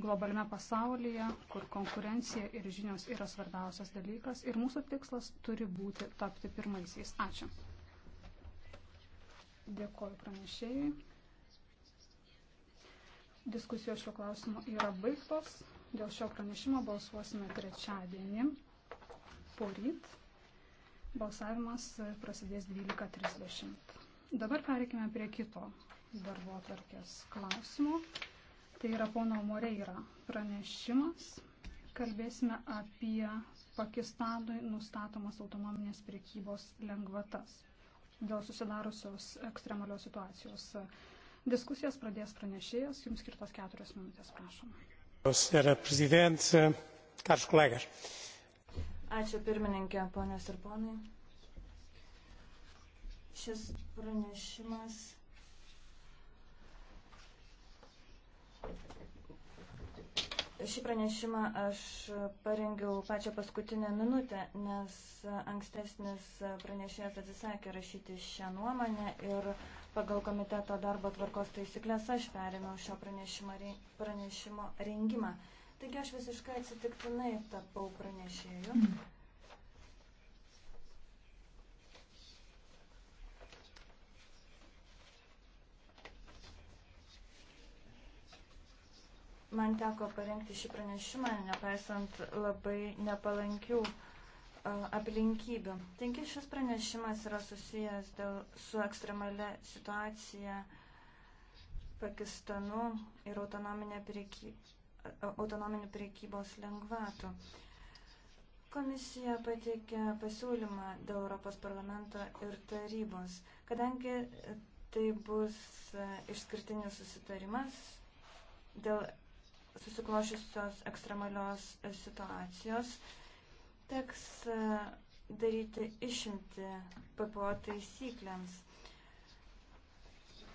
globaliame pasaulyje, kur konkurencija ir žinios yra svarbiausias dalykas ir mūsų tikslas turi būti tapti pirmaisiais. Ačiū. Dėkoju pranešėjai. Diskusijos šio klausimo yra baigtos. Dėl šio pranešimo balsuosime trečiadienį po ryt. Balsavimas prasidės 12.30. Dabar pereikime prie kito darbo atvarkės klausimo. Tai yra pono Moreira pranešimas. Kalbėsime apie Pakistanui nustatomas autonominės priekybos lengvatas dėl susidariusios ekstremalios situacijos. Diskusijas pradės pranešėjas, jums skirtos keturios minutės, prašom. Ačiū pirmininkė, ponios ir ponai. Šis pranešimas Šį pranešimą aš parengiau pačią paskutinę minutę, nes ankstesnis pranešėjas atsisakė rašyti šią nuomonę ir pagal komiteto darbo tvarkos taisyklės aš perėmiau šio pranešimo, pranešimo rengimą. Taigi aš visiškai atsitiktinai tapau pranešėjų. Mm. man teko parengti šį pranešimą, nepaisant labai nepalankių aplinkybių. Taigi šis pranešimas yra susijęs dėl, su ekstremalia situacija Pakistanu ir prieky, autonominių priekybos lengvatų. Komisija pateikė pasiūlymą dėl Europos parlamento ir tarybos. Kadangi tai bus išskirtinis susitarimas dėl susiklošiusios ekstremalios situacijos teks e, daryti išimti PPO taisyklėms,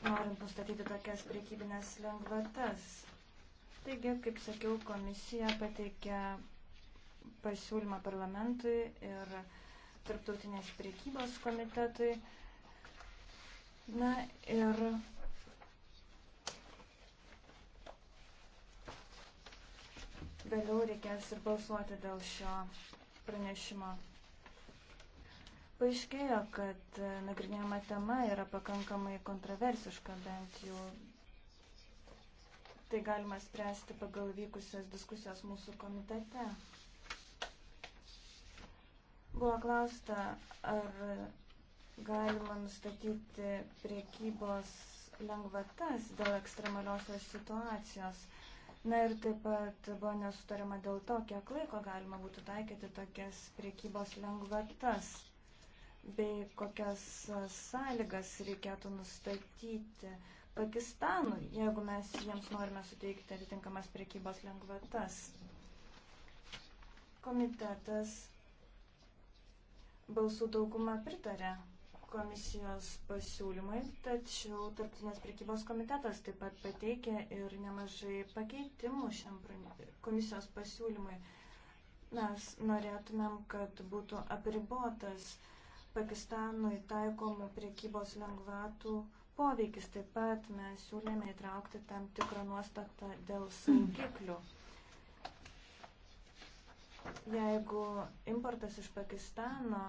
norint nustatyti tokias priekybinės lengvatas. Taigi, kaip sakiau, komisija pateikė pasiūlymą parlamentui ir tarptautinės priekybos komitetui. Na ir Vėliau reikės ir balsuoti dėl šio pranešimo. Paaiškėjo, kad e, nagrinėjama tema yra pakankamai kontroversiška, bent jau tai galima spręsti pagal vykusios diskusijos mūsų komitete. Buvo klausta, ar galima nustatyti priekybos lengvatas dėl ekstremaliosios situacijos. Na ir taip pat buvo nesutarima dėl to, kiek laiko galima būtų taikyti tokias priekybos lengvatas, bei kokias sąlygas reikėtų nustatyti Pakistanui, jeigu mes jiems norime suteikti atitinkamas priekybos lengvatas. Komitetas balsų daugumą pritarė komisijos pasiūlymai, tačiau Tarptinės prekybos komitetas taip pat pateikė ir nemažai pakeitimų šiam komisijos pasiūlymui. Mes norėtumėm, kad būtų apribotas Pakistanui taikomų prekybos lengvatų poveikis. Taip pat mes siūlėme įtraukti tam tikrą nuostatą dėl saugiklių jeigu importas iš Pakistano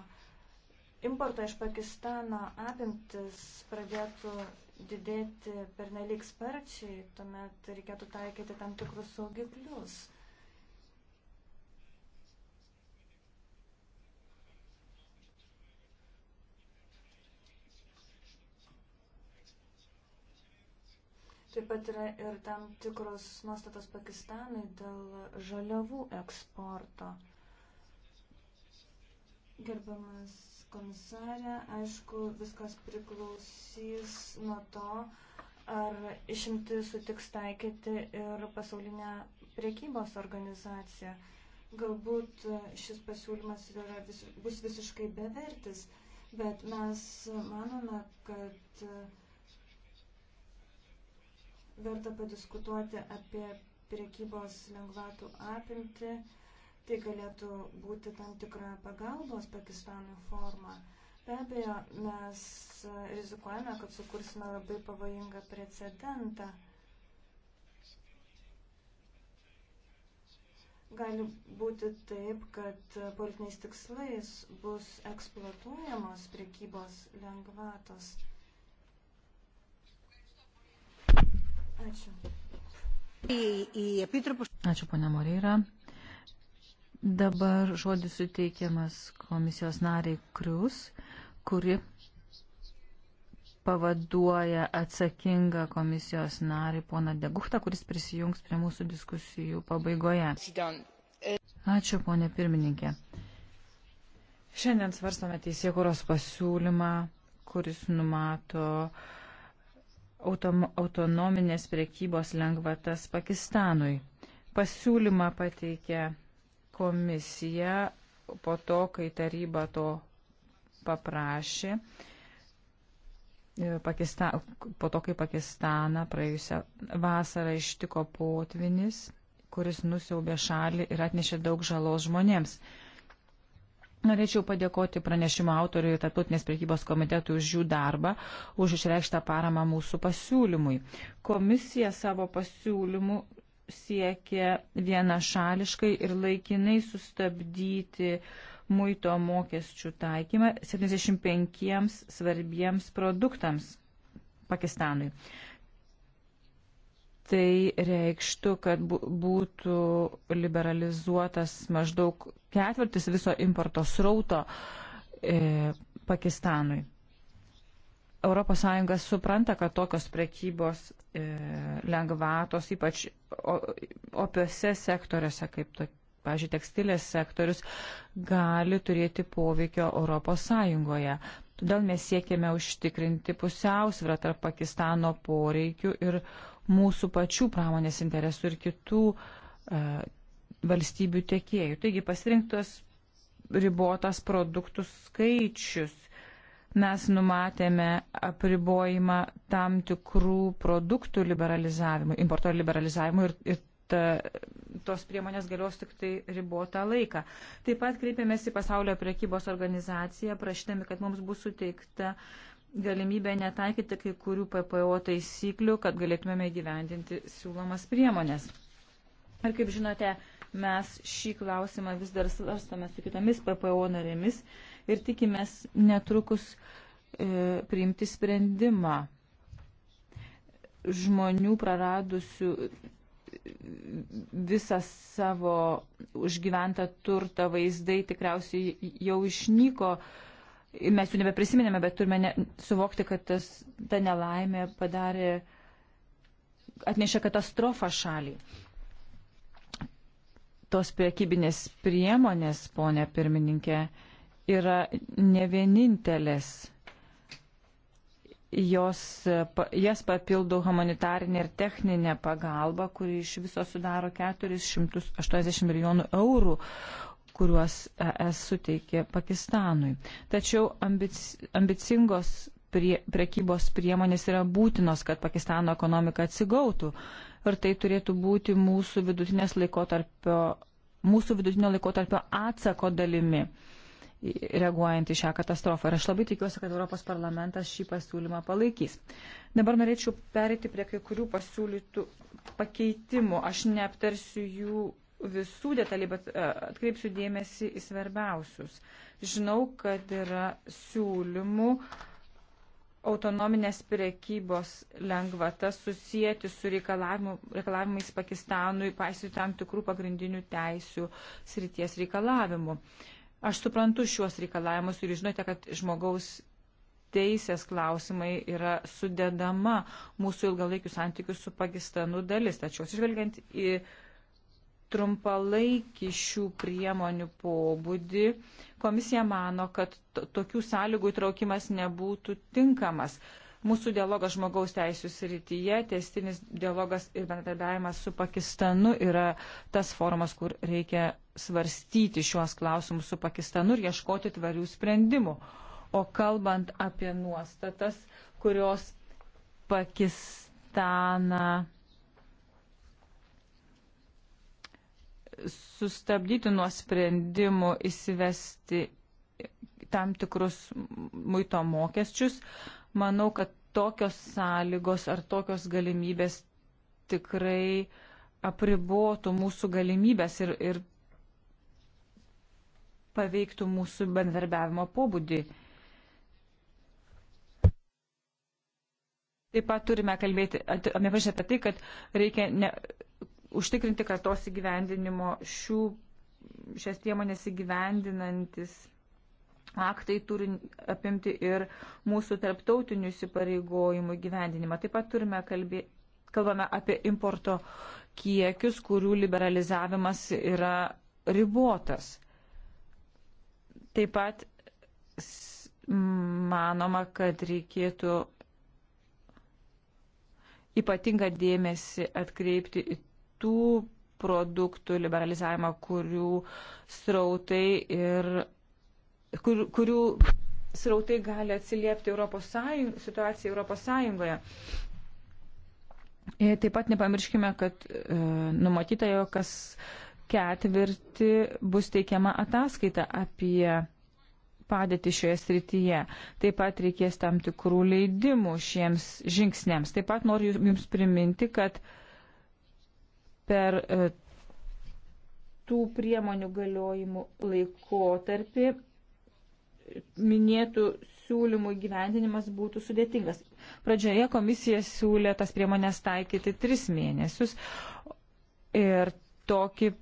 importo iš Pakistano apimtis pradėtų didėti per nelik sparčiai, tuomet reikėtų taikyti tam tikrus saugiklius. Taip pat yra ir tam tikros nuostatos Pakistanui dėl žaliavų eksporto. Gerbiamas komisarė, aišku, viskas priklausys nuo to, ar išimti sutiks taikyti ir pasaulinę priekybos organizaciją. Galbūt šis pasiūlymas yra, vis, bus visiškai bevertis, bet mes manome, kad verta padiskutuoti apie priekybos lengvatų apimti Tai galėtų būti tam tikra pagalbos Pakistanui forma. Be abejo, mes rizikuojame, kad sukursime labai pavojingą precedentą. Gali būti taip, kad politiniais tikslais bus eksploatuojamos priekybos lengvatos. Ačiū. Ačiū, ponia Moreira. Dabar žodis suteikiamas komisijos nariai Krius, kuri pavaduoja atsakingą komisijos narį poną Deguchtą, kuris prisijungs prie mūsų diskusijų pabaigoje. Ačiū, ponė pirmininkė. Šiandien svarstame teisėkuros pasiūlymą, kuris numato autom, autonominės priekybos lengvatas Pakistanui. Pasiūlymą pateikė Komisija po to, kai taryba to paprašė, e, Pakista, po to, kai Pakistaną praėjusią vasarą ištiko potvinis, kuris nusiaubė šalį ir atnešė daug žalos žmonėms. Norėčiau padėkoti pranešimo autoriui ir Tartutinės priekybos komitetui už jų darbą, už išreikštą paramą mūsų pasiūlymui. Komisija savo pasiūlymų siekė vienašališkai ir laikinai sustabdyti muito mokesčių taikymą 75 svarbiems produktams Pakistanui. Tai reikštų, kad būtų liberalizuotas maždaug ketvirtis viso importo srauto e, Pakistanui. ES supranta, kad tokios prekybos e, lengvatos, ypač opiose sektoriuose, kaip, to, pažiūrėjau, tekstilės sektorius, gali turėti poveikio ES. Todėl mes siekėme užtikrinti pusiausvyrą tarp Pakistano poreikių ir mūsų pačių pramonės interesų ir kitų e, valstybių tiekėjų. Taigi pasirinktos ribotas produktų skaičius – mes numatėme apribojimą tam tikrų produktų liberalizavimui, importo liberalizavimui ir, ir ta, tos priemonės galios tik tai ribotą laiką. Taip pat kreipėmės į pasaulio priekybos organizaciją, prašydami, kad mums bus suteikta galimybė netaikyti kai kurių PPO taisyklių, kad galėtumėme įgyvendinti siūlomas priemonės. Ir kaip žinote, Mes šį klausimą vis dar svarstame su kitomis PPO narėmis ir tikimės netrukus e, priimti sprendimą žmonių praradusių visą savo užgyventą turtą vaizdai tikriausiai jau išnyko. Mes jų nebeprisiminėme, bet turime ne, suvokti, kad tas, ta nelaimė padarė, atnešė katastrofą šaliai tos priekybinės priemonės, ponė pirmininkė, yra ne vienintelės. Jos, jas papildo humanitarinė ir techninė pagalba, kuri iš viso sudaro 480 milijonų eurų, kuriuos ES suteikė Pakistanui. Tačiau ambic, ambicingos prie, prekybos priemonės yra būtinos, kad Pakistano ekonomika atsigautų ir tai turėtų būti mūsų, mūsų vidutinio laikotarpio atsako dalimi reaguojant į šią katastrofą. Ir aš labai tikiuosi, kad Europos parlamentas šį pasiūlymą palaikys. Dabar norėčiau perėti prie kai kurių pasiūlytų pakeitimų. Aš neaptarsiu jų visų detaliai, bet e, atkreipsiu dėmesį į svarbiausius. Žinau, kad yra siūlymų uh, autonominės priekybos lengvatas susijęti su reikalavimais Pakistanui, paisyti tam tikrų pagrindinių teisių srities reikalavimų. Aš suprantu šiuos reikalavimus ir žinote, kad žmogaus teisės klausimai yra sudedama mūsų ilgalaikių santykių su Pakistanu dalis. Tačiau, atsižvelgiant į trumpalaikį šių priemonių pobūdį, komisija mano, kad tokių sąlygų įtraukimas nebūtų tinkamas. Mūsų dialogas žmogaus teisų srityje, testinis dialogas ir bendradarbiavimas su Pakistanu yra tas formas, kur reikia svarstyti šiuos klausimus su Pakistanu ir ieškoti tvarių sprendimų. O kalbant apie nuostatas, kurios Pakistaną sustabdyti nuo sprendimų įsivesti tam tikrus muito mokesčius. Manau, kad tokios sąlygos ar tokios galimybės tikrai apribotų mūsų galimybės ir, ir paveiktų mūsų bendarbiavimo pobūdį. Taip pat turime kalbėti, nepažiūrėti apie tai, kad reikia ne, užtikrinti, kad tos įgyvendinimo šių, šias priemonės įgyvendinantis aktai turi apimti ir mūsų tarptautinių įsipareigojimų gyvendinimą. Taip pat turime kalbė, kalbame apie importo kiekius, kurių liberalizavimas yra ribotas. Taip pat manoma, kad reikėtų ypatingą dėmesį atkreipti į kitų produktų liberalizavimą, kurių srautai ir kur, kurių srautai gali atsiliepti Europos Sąjung, situacijai Europos Sąjungoje. Ir e, taip pat nepamirškime, kad e, numatyta, jo kas ketvirti bus teikiama ataskaita apie padėti šioje srityje. Taip pat reikės tam tikrų leidimų šiems žingsniams. Taip pat noriu Jums priminti, kad e, per e, tų priemonių galiojimų laikotarpį minėtų siūlymų gyvendinimas būtų sudėtingas. Pradžioje komisija siūlė tas priemonės taikyti tris mėnesius ir tokį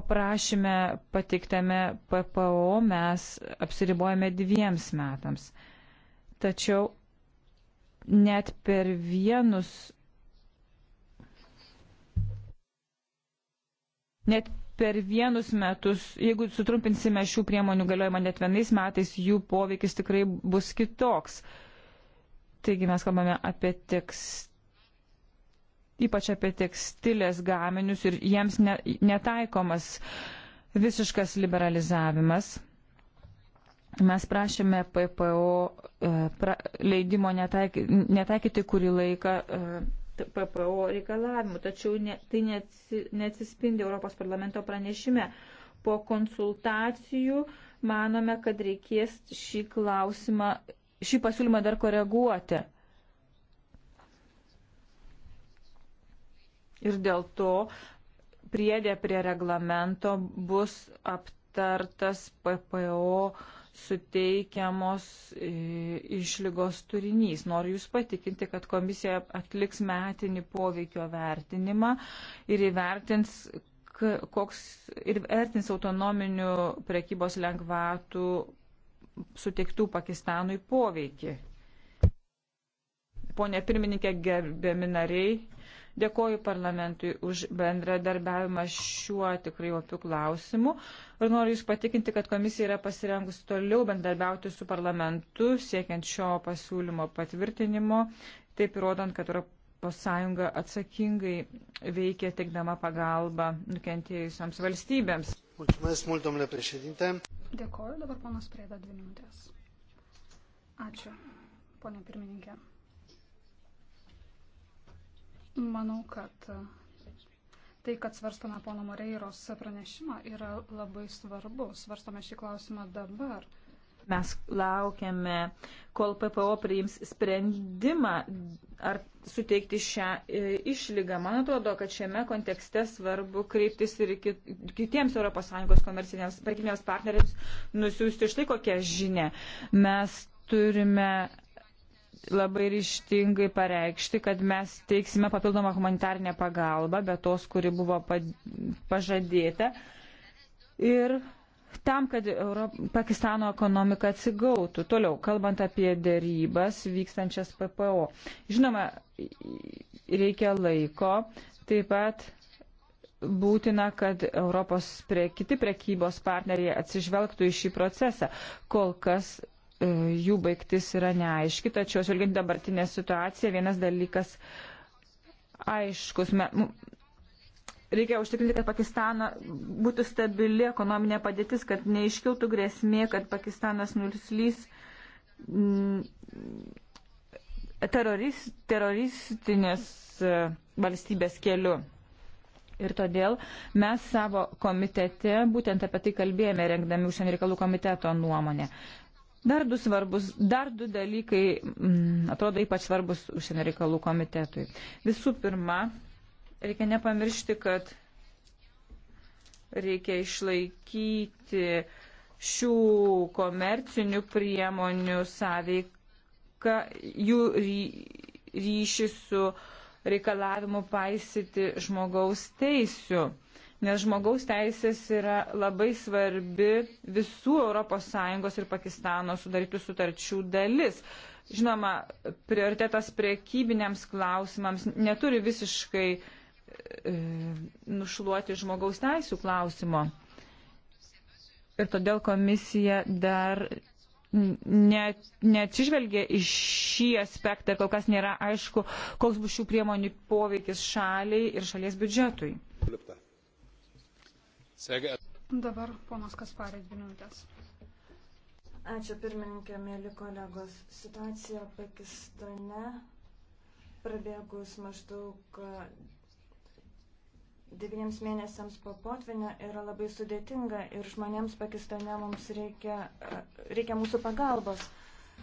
oprašymę patiktame PPO mes apsiribojame dviems metams. Tačiau net per vienus net per vienus metus, jeigu sutrumpinsime šių priemonių galiojimą net vienais metais, jų poveikis tikrai bus kitoks. Taigi mes kalbame apie tekst, ypač apie tekstilės gaminius ir jiems ne, netaikomas visiškas liberalizavimas. Mes prašėme PPO e, pra, leidimo netaikyti, netaikyti kurį laiką e, PPO reikalavimų, tačiau ne, tai neatsispindi Europos parlamento pranešime. Po konsultacijų manome, kad reikės šį klausimą, šį pasiūlymą dar koreguoti. Ir dėl to priedė prie reglamento bus aptartas PPO uh, suteikiamos e, išlygos turinys. Noriu Jūs patikinti, kad komisija atliks metinį poveikio vertinimą ir įvertins, koks ir vertins autonominių prekybos lengvatų suteiktų Pakistanui poveikį. Pone pirmininkė, gerbiami nariai, Dėkoju parlamentui už bendradarbiavimą šiuo tikrai opiu klausimu ir noriu Jūs patikinti, kad komisija yra pasirengusi toliau bendradarbiauti su parlamentu, siekiant šio pasiūlymo patvirtinimo, taip įrodant, kad ES atsakingai veikia teikdama pagalbą nukentėjusiams valstybėms. Mulțumesc mult, domnule președinte. Dėkoju, dabar ponas Prėda dvi minutės. Ačiū, ponė pirmininkė. Manau, kad tai, kad svarstame pono Moreiros pranešimą, yra labai svarbu. Svarstame šį klausimą dabar. Mes laukiame, kol PPO priims sprendimą ar suteikti šią e, išlygą. Man atrodo, kad šiame kontekste svarbu kreiptis ir kitiems ES komerciniams prekybiniams partneriams nusiųsti štai kokią žinę. Mes turime labai ryštingai pareikšti, kad mes teiksime papildomą humanitarinę pagalbą, bet tos, kuri buvo pažadėta. Ir tam, kad Europ Pakistano ekonomika atsigautų. Toliau, kalbant apie dėrybas vykstančias PPO. Žinoma, reikia laiko, taip pat būtina, kad Europos prie, kiti prekybos partneriai atsižvelgtų į šį procesą. Kol kas E, jų baigtis yra neaiški, tačiau žvelgiant dabartinę situaciją, vienas dalykas aiškus. Me, reikia užtikrinti, kad Pakistano būtų stabili ekonominė padėtis, kad neiškiltų grėsmė, kad Pakistanas nulslys mm, terorist, teroristinės e, valstybės keliu. Ir todėl mes savo komitete būtent apie tai kalbėjome, rengdami užsienio reikalų komiteto nuomonę. Dar du, svarbus, dar du dalykai, m, mm, atrodo, ypač svarbus užsienio reikalų komitetui. Visų pirma, reikia nepamiršti, kad reikia išlaikyti šių komercinių priemonių sąveiką, jų ryšį su reikalavimu paisyti žmogaus teisių nes žmogaus teisės yra labai svarbi visų ES ir Pakistano sudarytų sutarčių dalis. Žinoma, prioritetas priekybiniams klausimams neturi visiškai e, nušluoti žmogaus teisų klausimo. Ir todėl komisija dar net, neatsižvelgia į šį aspektą ir kol kas nėra aišku, koks bus šių priemonių poveikis šaliai ir šalies biudžetui. Dabar ponas Kasparė, dvi minutės. Ačiū pirmininkė, mėly kolegos. Situacija Pakistane prabėgus maždaug e, devyniems mėnesiams po potvinio yra labai sudėtinga ir žmonėms Pakistane mums reikia, e, reikia mūsų pagalbos.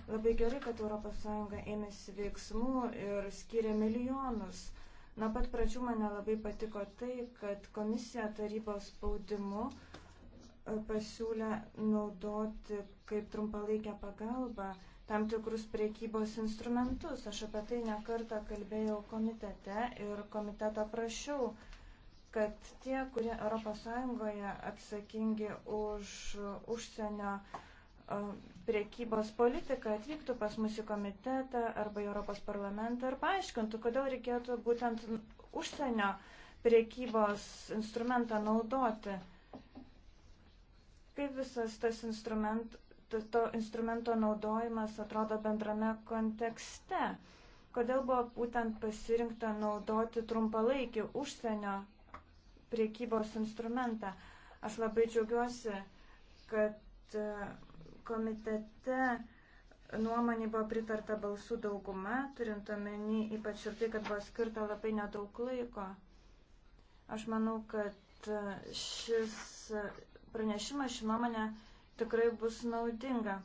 Labai gerai, kad ES ėmėsi veiksmų ir skiria milijonus Nuo pat pradžių man labai patiko tai, kad komisija tarybos spaudimu e, pasiūlė naudoti kaip trumpalaikę pagalbą tam tikrus priekybos instrumentus. Aš apie tai nekartą kalbėjau komitete ir komitetą prašiau, kad tie, kurie ES atsakingi už užsienio uh, priekybos politiką atvyktų pas mūsų komitetą arba Europos parlamentą ir paaiškintų, kodėl reikėtų būtent užsienio priekybos instrumentą naudoti. Kaip visas tas instrument, to instrumento naudojimas atrodo bendrame kontekste? Kodėl buvo būtent pasirinkta naudoti trumpalaikį užsienio priekybos instrumentą? Aš labai džiaugiuosi, kad komitete nuomonė buvo pritarta balsų dauguma, turint omeny ypač ir tai, kad buvo skirta labai nedaug laiko. Aš manau, kad šis pranešimas, ši nuomonė tikrai bus naudinga.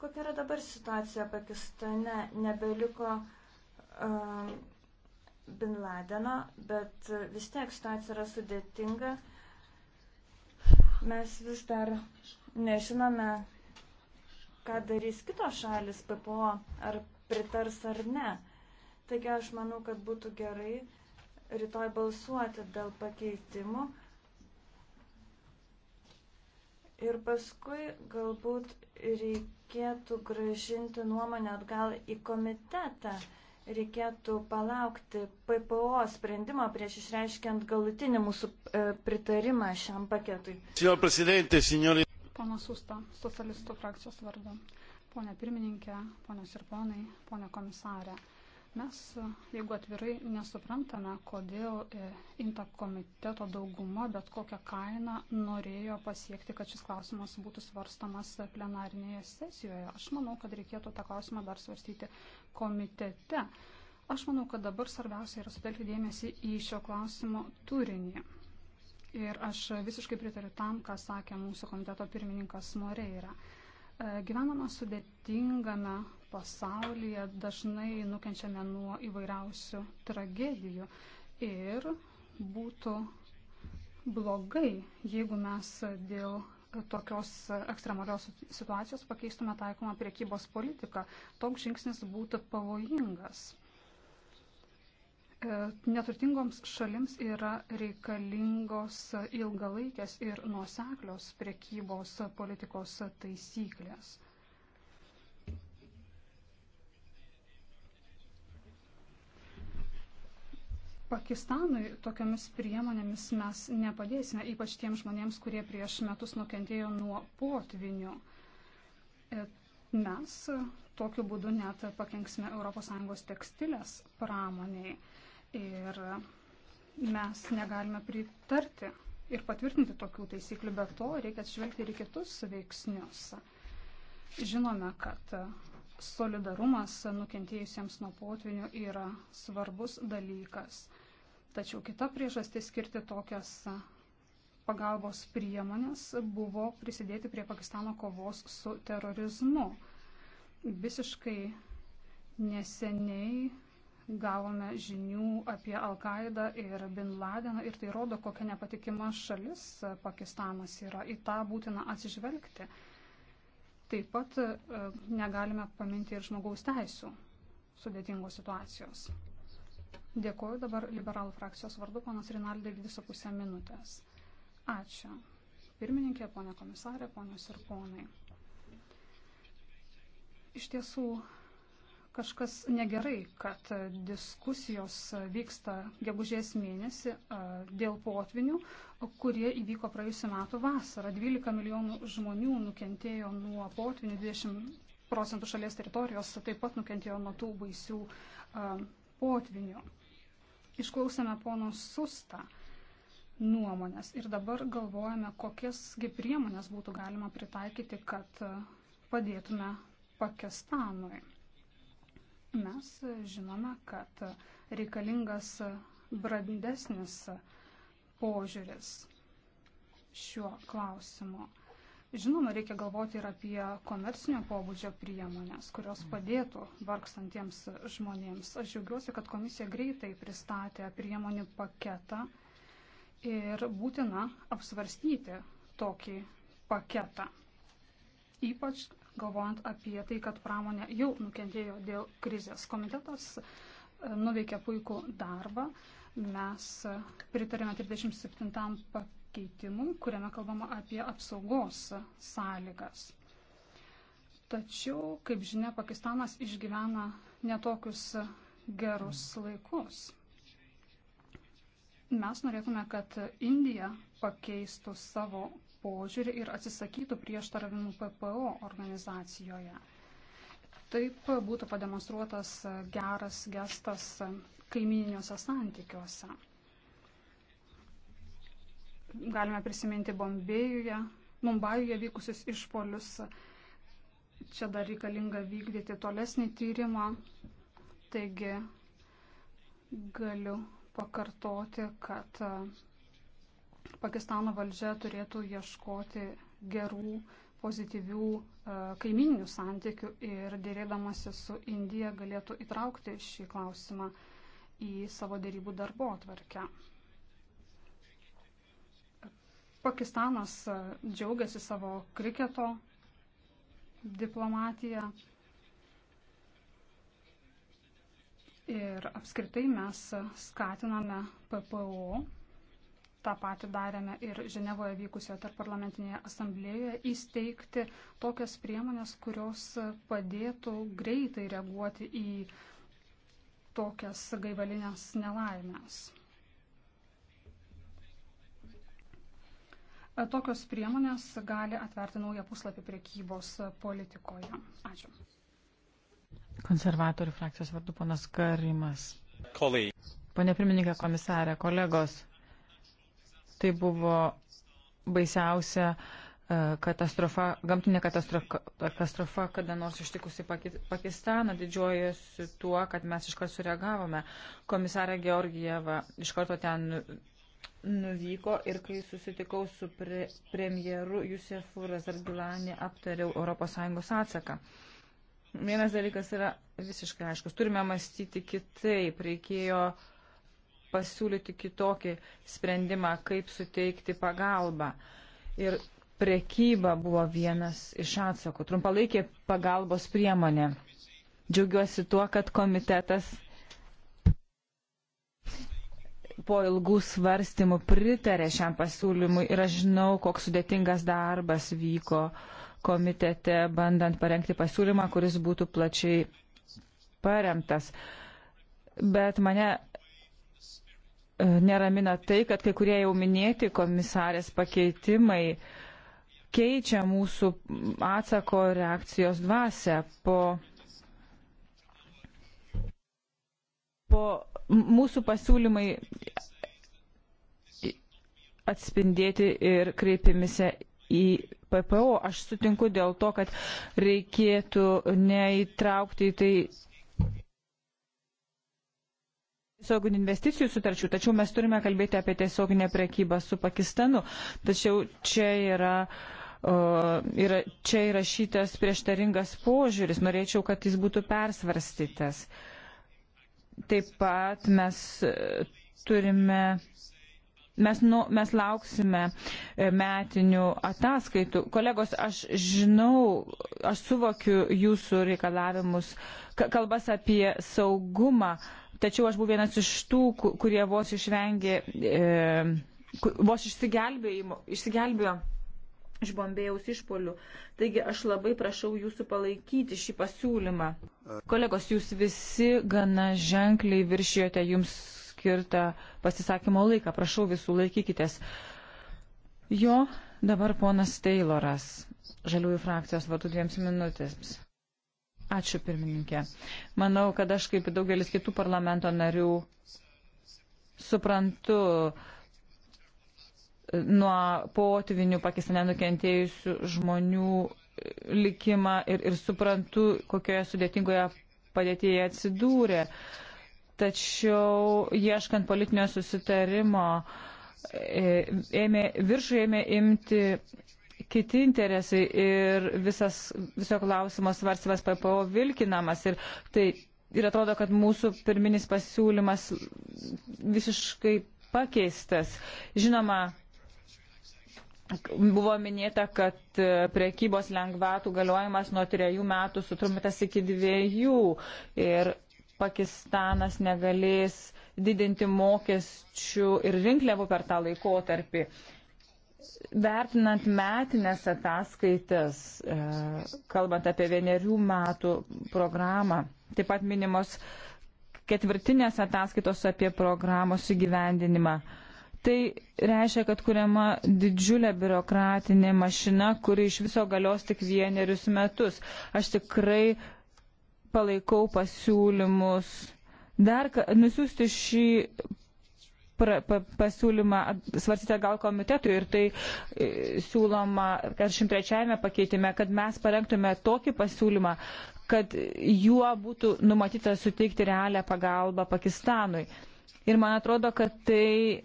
Kokia yra dabar situacija Pakistane? Nebeliko uh, Bin Ladeno, bet vis tiek situacija yra sudėtinga. Mes vis dar nežinome, ką darys kitos šalis PPO, ar pritars ar ne. Taigi aš manau, kad būtų gerai rytoj balsuoti dėl pakeitimų. Ir paskui galbūt reikėtų gražinti nuomonę atgal į komitetą. Reikėtų palaukti PPO sprendimo prieš išreiškiant galutinį mūsų e, pritarimą šiam paketui. Signor Presidente, signori Pono Sūsta, socialistų frakcijos vardu. Pone pirmininkė, ponios ir ponai, pone komisarė. Mes, jeigu atvirai, nesuprantame, kodėl e, INTA komiteto dauguma bet kokią kainą norėjo pasiekti, kad šis klausimas būtų svarstamas plenarinėje sesijoje. Aš manau, kad reikėtų tą klausimą dar svarstyti komitete. Aš manau, kad dabar svarbiausia yra sutelkti dėmesį į šio klausimo turinį. Ir aš visiškai pritariu tam, ką sakė mūsų komiteto pirmininkas Moreira. E, gyvename sudėtingame pasaulyje, dažnai nukenčiame nuo įvairiausių tragedijų ir būtų blogai, jeigu mes dėl tokios ekstremalios situacijos pakeistume taikomą priekybos politiką. Toks žingsnis būtų pavojingas. E, neturtingoms šalims yra reikalingos ilgalaikės ir nuoseklios priekybos politikos taisyklės. Pakistanui tokiamis priemonėmis mes nepadėsime, ypač tiems žmonėms, kurie prieš metus nukentėjo nuo potvinių. E, mes tokiu būdu net pakenksime ES tekstilės pramoniai. Ir mes negalime pritarti ir patvirtinti tokių taisyklių, bet to reikia atšvelgti ir kitus veiksnius. Žinome, kad solidarumas nukentėjusiems nuo potvinių yra svarbus dalykas. Tačiau kita priežastis skirti tokias pagalbos priemonės buvo prisidėti prie Pakistano kovos su terorizmu. Visiškai neseniai gavome žinių apie Al-Qaidą ir Bin Ladeną ir tai rodo, kokia nepatikima šalis e, Pakistanas yra. Į tą būtina atsižvelgti. Taip pat e, negalime paminti ir žmogaus teisų sudėtingos situacijos. Dėkuoju dabar liberalų frakcijos vardu, panas Rinaldė, 2,5 minutės. Ačiū. Pirmininkė, ponė komisarė, ponios ir ponai. Iš tiesų, kažkas negerai, kad diskusijos vyksta gegužės mėnesį dėl potvinių, kurie įvyko praėjusiu metu vasarą. 12 milijonų žmonių nukentėjo nuo potvinių, 20 procentų šalies teritorijos taip pat nukentėjo nuo tų baisių potvinių. Išklausėme pono Sustą nuomonės ir dabar galvojame, kokiasgi priemonės būtų galima pritaikyti, kad padėtume Pakistanui. Mes žinome, kad reikalingas brandesnis požiūris šiuo klausimu. Žinoma, reikia galvoti ir apie komercinio pobūdžio priemonės, kurios padėtų vargstantiems žmonėms. Aš džiaugiuosi, kad komisija greitai pristatė priemonių paketą ir būtina apsvarstyti tokį paketą. Ypač galvojant apie tai, kad pramonė jau nukentėjo dėl krizės. Komitetas e, nuveikė puikų darbą. Mes e, pritarėme 37 pakeitimui, kuriame kalbama apie apsaugos sąlygas. Tačiau, kaip žinia, Pakistanas išgyvena netokius gerus laikus. Mes norėtume, kad Indija pakeistų savo požiūrį ir atsisakytų prieštaravimų PPO organizacijoje. Taip būtų pademonstruotas geras gestas kaimininiuose santykiuose. Galime prisiminti Bombėjuje, Mumbajuje vykusius išpolius. Čia dar reikalinga vykdyti tolesnį tyrimą. Taigi galiu pakartoti, kad Pakistano valdžia turėtų ieškoti gerų, pozityvių e, kaimininių santykių ir dėrėdamasi su Indija galėtų įtraukti šį klausimą į savo dėrybų darbo atvarkę. Pakistanas e, džiaugiasi savo kriketo diplomatiją. Ir apskritai mes skatiname PPO tą patį darėme ir Ženevoje vykusioje tarp parlamentinėje asamblėjoje, įsteigti tokias priemonės, kurios padėtų greitai reaguoti į tokias gaivalinės nelaimės. Tokios priemonės gali atverti naują puslapį priekybos politikoje. Ačiū. Konservatorių frakcijos vardu ponas Karimas. Kolegai. Pone pirmininkė komisarė, kolegos. Tai buvo baisiausia e, katastrofa, gamtinė katastrofa, katastrofa kada nors ištikusi Pakistaną. Didžiuojuosi tuo, kad mes iškart sureagavome. Komisarė Georgieva iš karto ten nu, nuvyko ir kai susitikau su pre, premjeru Jusefu Razargulani, aptariau ES atsaką. Vienas dalykas yra visiškai aiškus. Turime mąstyti kitaip. Reikėjo uh, pasiūlyti kitokį sprendimą, kaip suteikti pagalbą. Ir prekyba buvo vienas iš atsakų, trumpalaikė pagalbos priemonė. Džiaugiuosi tuo, kad komitetas po ilgų svarstymų pritarė šiam pasiūlymui ir aš žinau, koks sudėtingas darbas vyko komitete, bandant parengti pasiūlymą, kuris būtų plačiai paremtas. Bet mane neramina tai, kad kai kurie jau minėti komisarės pakeitimai keičia mūsų atsako reakcijos dvasę po, po mūsų pasiūlymai atspindėti ir kreipimise į PPO. Aš sutinku dėl to, kad reikėtų neįtraukti į tai tiesioginių investicijų sutarčių, tačiau mes turime kalbėti apie tiesioginę prekybą su Pakistanu. Tačiau čia yra. Ir čia įrašytas prieštaringas požiūris, norėčiau, kad jis būtų persvarstytas. Taip pat mes e, turime mes, nu, mes lauksime e, metinių ataskaitų. Kolegos, aš žinau, aš suvokiu jūsų reikalavimus, kalbas apie saugumą, Tačiau aš buvau vienas iš tų, kurie vos išvengė, e, vos išsigelbėjo iš Bombėjaus išpolių. Taigi aš labai prašau jūsų palaikyti šį pasiūlymą. Kolegos, jūs visi gana ženkliai viršijote jums skirtą pasisakymo laiką. Prašau visų laikykitės. Jo dabar ponas Tayloras, žaliųjų frakcijos vardu dviems minutėms. Ačiū pirmininkė. Manau, kad aš kaip daugelis kitų parlamento narių suprantu nuo potvinių Pakistane nukentėjusių žmonių likimą ir, ir suprantu, kokioje sudėtingoje padėtėje atsidūrė. Tačiau ieškant politinio susitarimo, e, ėmė, viršų ėmė imti kiti interesai ir visas, viso klausimo svarstymas PPO vilkinamas. Ir, tai, ir atrodo, kad mūsų pirminis pasiūlymas visiškai pakeistas. Žinoma, Buvo minėta, kad e, priekybos lengvatų galiojimas nuo trejų metų sutrumitas iki dviejų ir Pakistanas negalės didinti mokesčių ir rinkliavų per tą laikotarpį. Vertinant metinės ataskaitas, e, kalbant apie vienerių metų programą, taip pat minimos ketvirtinės ataskaitos apie programos įgyvendinimą. Tai reiškia, kad kuriama didžiulė biurokratinė mašina, kuri iš viso galios tik vienerius metus. Aš tikrai palaikau pasiūlymus dar nusiųsti šį pra, pa, pasiūlymą svarstyti gal komitetui ir tai e, siūloma 43 pakeitime, kad mes parengtume tokį pasiūlymą, kad juo būtų numatyta suteikti realią pagalbą Pakistanui. Ir man atrodo, kad tai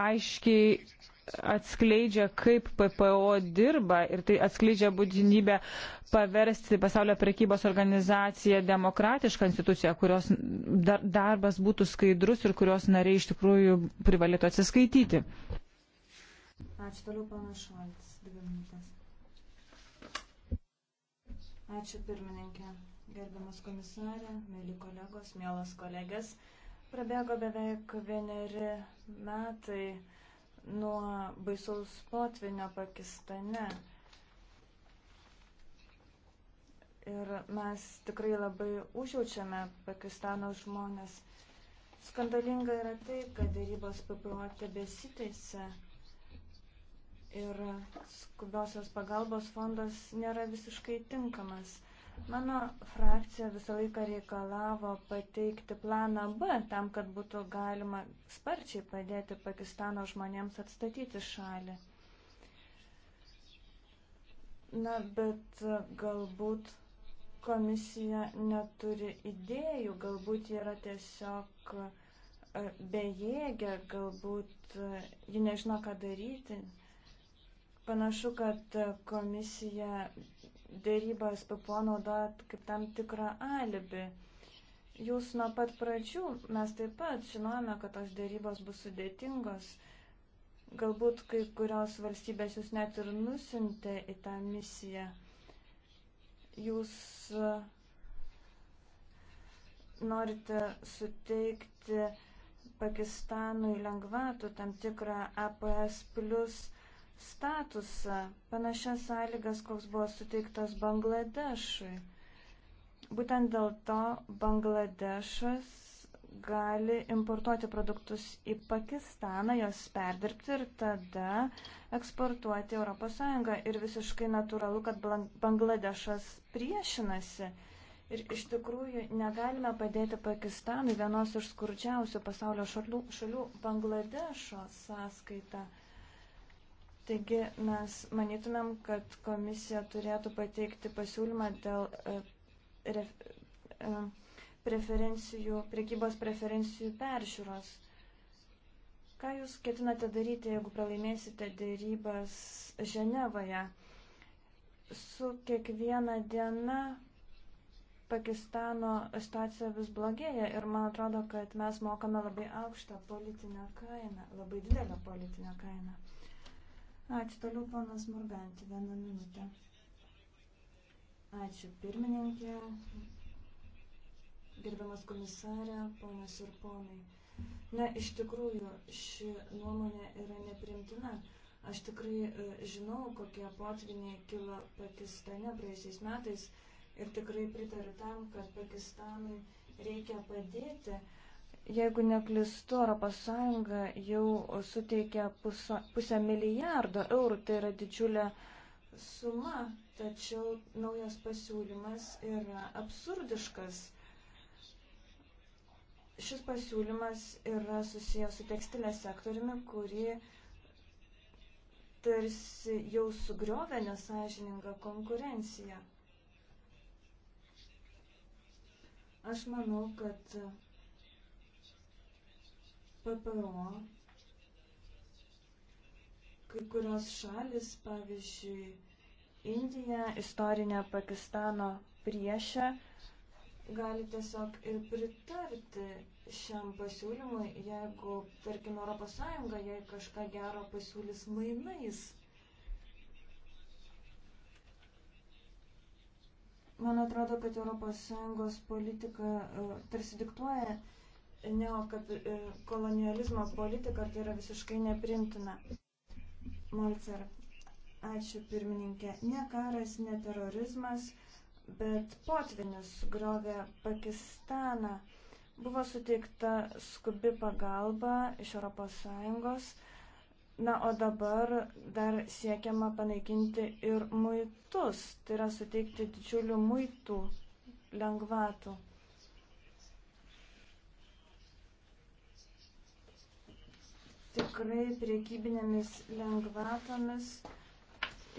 aiškiai atskleidžia, kaip PPO dirba ir tai atskleidžia būtinybę paversti pasaulio prekybos organizaciją demokratišką instituciją, kurios darbas būtų skaidrus ir kurios nariai iš tikrųjų privalėtų atsiskaityti. Ačiū toliau, panas Šolts, dvi minutės. Ačiū pirmininkė, gerbiamas komisarė, mėly kolegos, mielas kolegės. Prabėgo beveik vieneri metai nuo baisaus potvinio Pakistane. Ir mes tikrai labai užjaučiame Pakistano žmonės. Skandalinga yra tai, kad dėrybos PPO tebesitėse ir skubiosios pagalbos fondas nėra visiškai tinkamas. Mano frakcija visą laiką reikalavo pateikti planą B tam, kad būtų galima sparčiai padėti Pakistano žmonėms atstatyti šalį. Na, bet e, galbūt komisija neturi idėjų, galbūt yra tiesiog e, bejėgė, galbūt e, ji nežino, ką daryti. Panašu, kad komisija dėrybas PPO naudojat kaip tam tikrą alibi. Jūs nuo pat pradžių, mes taip pat žinojame, kad tos dėrybos bus sudėtingos. Galbūt kai kurios valstybės jūs net ir nusintė į tą misiją. Jūs uh, norite suteikti Pakistanui lengvatų tam tikrą APS plus statusą, panašias sąlygas, koks buvo suteiktas Bangladešui. Būtent dėl to Bangladešas gali importuoti produktus į Pakistaną, jos perdirbti ir tada eksportuoti ES. Ir visiškai natūralu, kad Bangladešas priešinasi. Ir iš tikrųjų negalime padėti Pakistanui vienos iš skurdžiausių pasaulio šalių, šalių Bangladešo sąskaitą. Taigi mes manytumėm, kad komisija turėtų pateikti pasiūlymą dėl e, e, preferencijų, priekybos preferencijų peržiūros. Ką jūs ketinate daryti, jeigu pralaimėsite dėrybas Ženevoje? Su kiekviena diena Pakistano situacija vis blogėja ir man atrodo, kad mes mokame labai aukštą politinę kainą, labai didelę politinę kainą. Ačiū toliau, panas Morganti, vieną minutę. Ačiū pirmininkė, gerbiamas komisarė, ponas ir ponai. Na, iš tikrųjų, ši nuomonė yra neprimtina. Aš tikrai e, žinau, kokie potviniai kilo Pakistane praeisiais metais ir tikrai pritariu tam, kad Pakistanui reikia padėti. E, Jeigu neklistu, ES jau suteikia pusą, pusę milijardo eurų, tai yra didžiulė suma, tačiau naujas pasiūlymas yra absurdiškas. Šis pasiūlymas yra susijęs su tekstilės sektoriumi, kurį tarsi jau sugriovė nesažininga konkurencija. Aš manau, kad PPO kai kurios šalis, pavyzdžiui, Indija, istorinė Pakistano priešė, gali tiesiog ir pritarti šiam pasiūlymui, jeigu, tarkim, ES, jei kažką gero pasiūlys mainais. Man atrodo, kad ES politika e, tarsi diktuoja neokolonializmo e, politika, tai yra visiškai neprimtina. Molcer, ačiū pirmininkė. Ne karas, ne terorizmas, bet potvinis sugriovė Pakistaną. Buvo suteikta skubi pagalba iš ES. Na, o dabar dar siekiama panaikinti ir muitus, tai yra suteikti didžiulių muitų lengvatų. tikrai priekybinėmis lengvatomis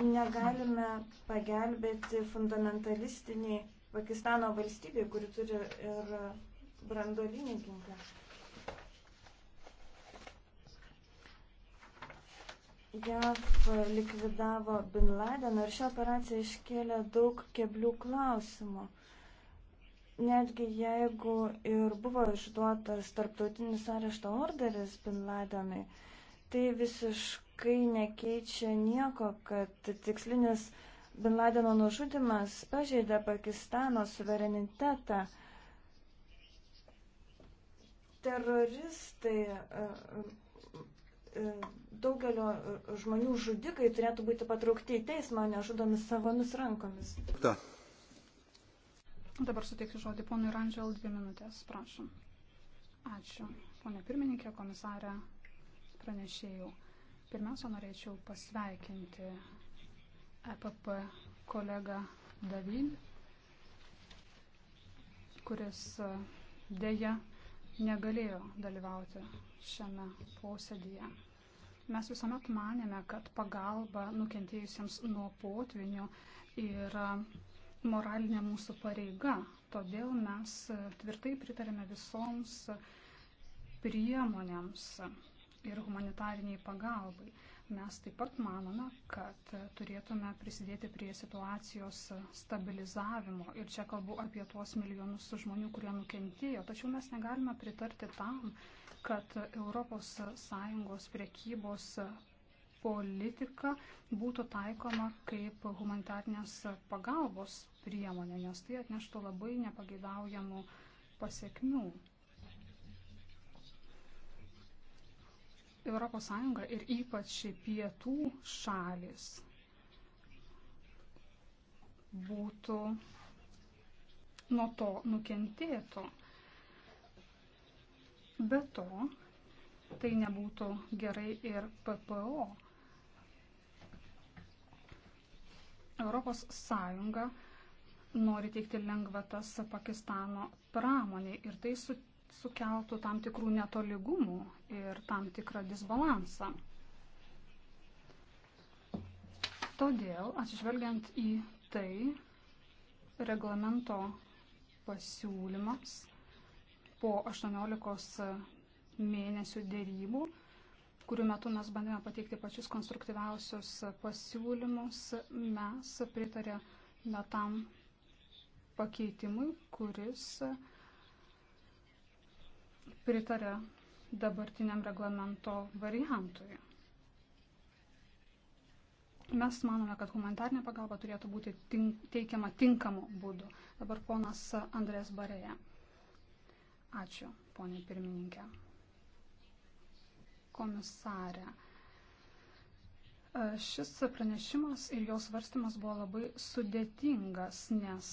negalime pagelbėti fundamentalistiniai Pakistano valstybė, kuri turi ir brandolinį ginklą. JAV likvidavo Bin Ladeną ir šią operaciją iškėlė daug keblių klausimų. Netgi jeigu ir buvo išduotas tarptautinis arešto orderis Bin Ladenui, tai visiškai nekeičia nieko, kad tikslinis Bin Ladeno nužudimas pažeidė Pakistano suverenitetą. Teroristai, e, e, daugelio e, žmonių žudikai turėtų būti patraukti į teismą, nežudomi savomis rankomis. Ta. Dabar suteiksiu žodį ponui Randžel dvi minutės, prašom. Ačiū, ponė pirmininkė, komisarė, pranešėjau. Pirmiausia, norėčiau pasveikinti EPP kolegą David, kuris e, dėja negalėjo dalyvauti šiame posėdėje. Mes visuomet manėme, kad pagalba nukentėjusiems nuo potvinių yra moralinė mūsų pareiga. Todėl mes tvirtai pritarėme visoms priemonėms ir humanitariniai pagalbai. Mes taip pat manome, kad turėtume prisidėti prie situacijos stabilizavimo. Ir čia kalbu apie tuos milijonus žmonių, kurie nukentėjo. Tačiau mes negalime pritarti tam, kad ES priekybos politika būtų taikoma kaip humanitarnės pagalbos priemonė, nes tai atneštų labai nepageidaujamų pasiekmių. ES ir ypač pietų šalis būtų nuo to nukentėtų. Be to, tai nebūtų gerai ir PPO Europos Sąjunga nori teikti lengvatas Pakistano pramoniai ir tai su, sukeltų tam tikrų netoligumų ir tam tikrą disbalansą. Todėl, atsižvelgiant į tai, reglamento pasiūlymas po 18 mėnesių dėrybų kurių metu mes bandėme pateikti pačius konstruktyviausius pasiūlymus, mes pritarėme tam pakeitimui, kuris pritarė dabartiniam reglamento variantui. Mes manome, kad humanitarnė pagalba turėtų būti tink, teikiama tinkamu būdu. Dabar ponas Andrės Barėje. Ačiū, ponė pirmininkė komisarė. Šis pranešimas ir jos varstymas buvo labai sudėtingas, nes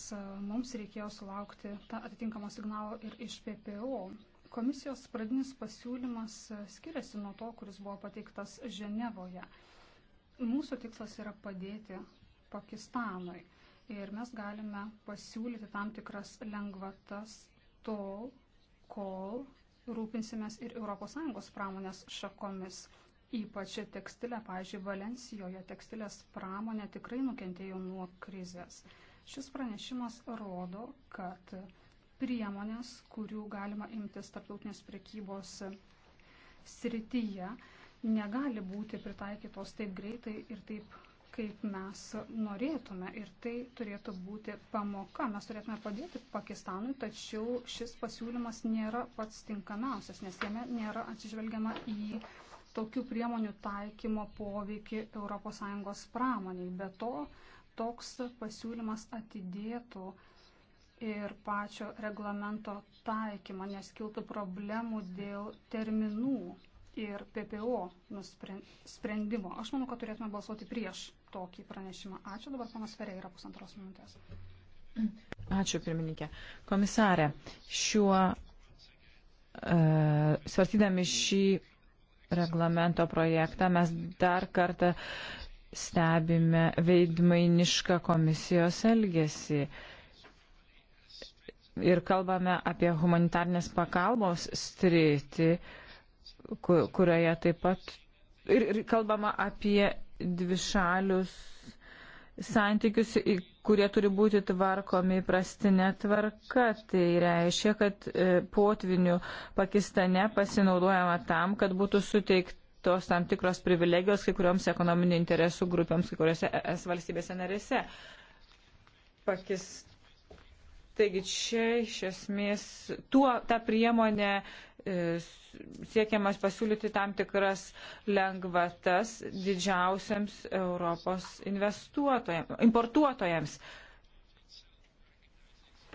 mums reikėjo sulaukti tą atitinkamą signalą ir iš PPO. Komisijos pradinis pasiūlymas skiriasi nuo to, kuris buvo pateiktas Ženevoje. Mūsų tikslas yra padėti Pakistanui ir mes galime pasiūlyti tam tikras lengvatas tol, kol rūpinsimės ir ES pramonės šakomis. Ypač tekstilė, pavyzdžiui, Valencijoje tekstilės pramonė tikrai nukentėjo nuo krizės. Šis pranešimas rodo, kad priemonės, kurių galima imtis tarptautinės prekybos srityje, negali būti pritaikytos taip greitai ir taip kaip mes norėtume. Ir tai turėtų būti pamoka. Mes turėtume padėti Pakistanui, tačiau šis pasiūlymas nėra pats tinkamiausias, nes jame nėra atsižvelgiama į tokių priemonių taikymo poveikį ES pramoniai. Be to, toks pasiūlymas atidėtų ir pačio reglamento taikymą, nes kiltų problemų dėl terminų ir PPO sprendimo. Aš manau, kad turėtume balsuoti prieš tokį pranešimą. Ačiū. Dabar panas Ferė yra pusantros minutės. Ačiū, pirmininkė. Komisarė, šiuo e, svartydami šį reglamento projektą mes dar kartą stebime veidmainišką komisijos elgesį ir kalbame apie humanitarnės pakalbos strėti, kurioje taip pat ir, ir kalbama apie dvišalius santykius, kurie turi būti tvarkomi prastinė tvarka. Tai reiškia, kad e, potvinių Pakistane pasinaudojama tam, kad būtų suteiktos tam tikros privilegijos kai kurioms ekonominių interesų grupėms, kai kuriuose es valstybėse narėse. Pakist Taigi čia iš esmės tuo, tą priemonę e, siekiamas pasiūlyti tam tikras lengvatas didžiausiams Europos importuotojams.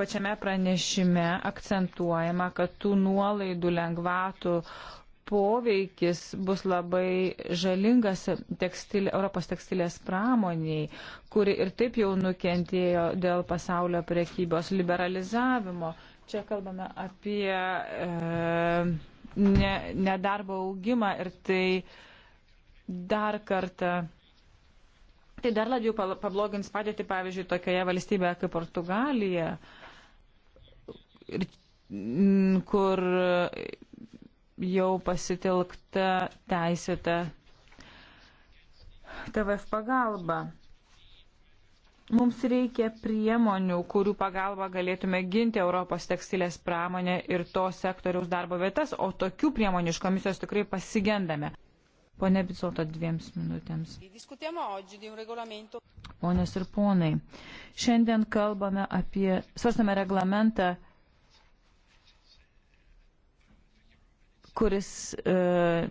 Pačiame pranešime akcentuojama, kad tų nuolaidų lengvatų poveikis bus labai žalingas tekstil, Europos tekstilės pramoniai, kuri ir taip jau nukentėjo dėl pasaulio prekybos liberalizavimo. Čia kalbame apie e, ne, nedarbo augimą ir tai dar kartą. Tai dar labiau pablogins padėti, pavyzdžiui, tokioje valstybėje kaip Portugalija, ir, kur jau pasitelkta teisėta TVF pagalba. Mums reikia priemonių, kurių pagalba galėtume ginti Europos tekstilės pramonę ir to sektoriaus darbo vietas, o tokių priemonių iš komisijos tikrai pasigendame. Pone Bicolta, dviems minutėms. Ponios ir ponai, šiandien kalbame apie, svarstame reglamentą kuris e,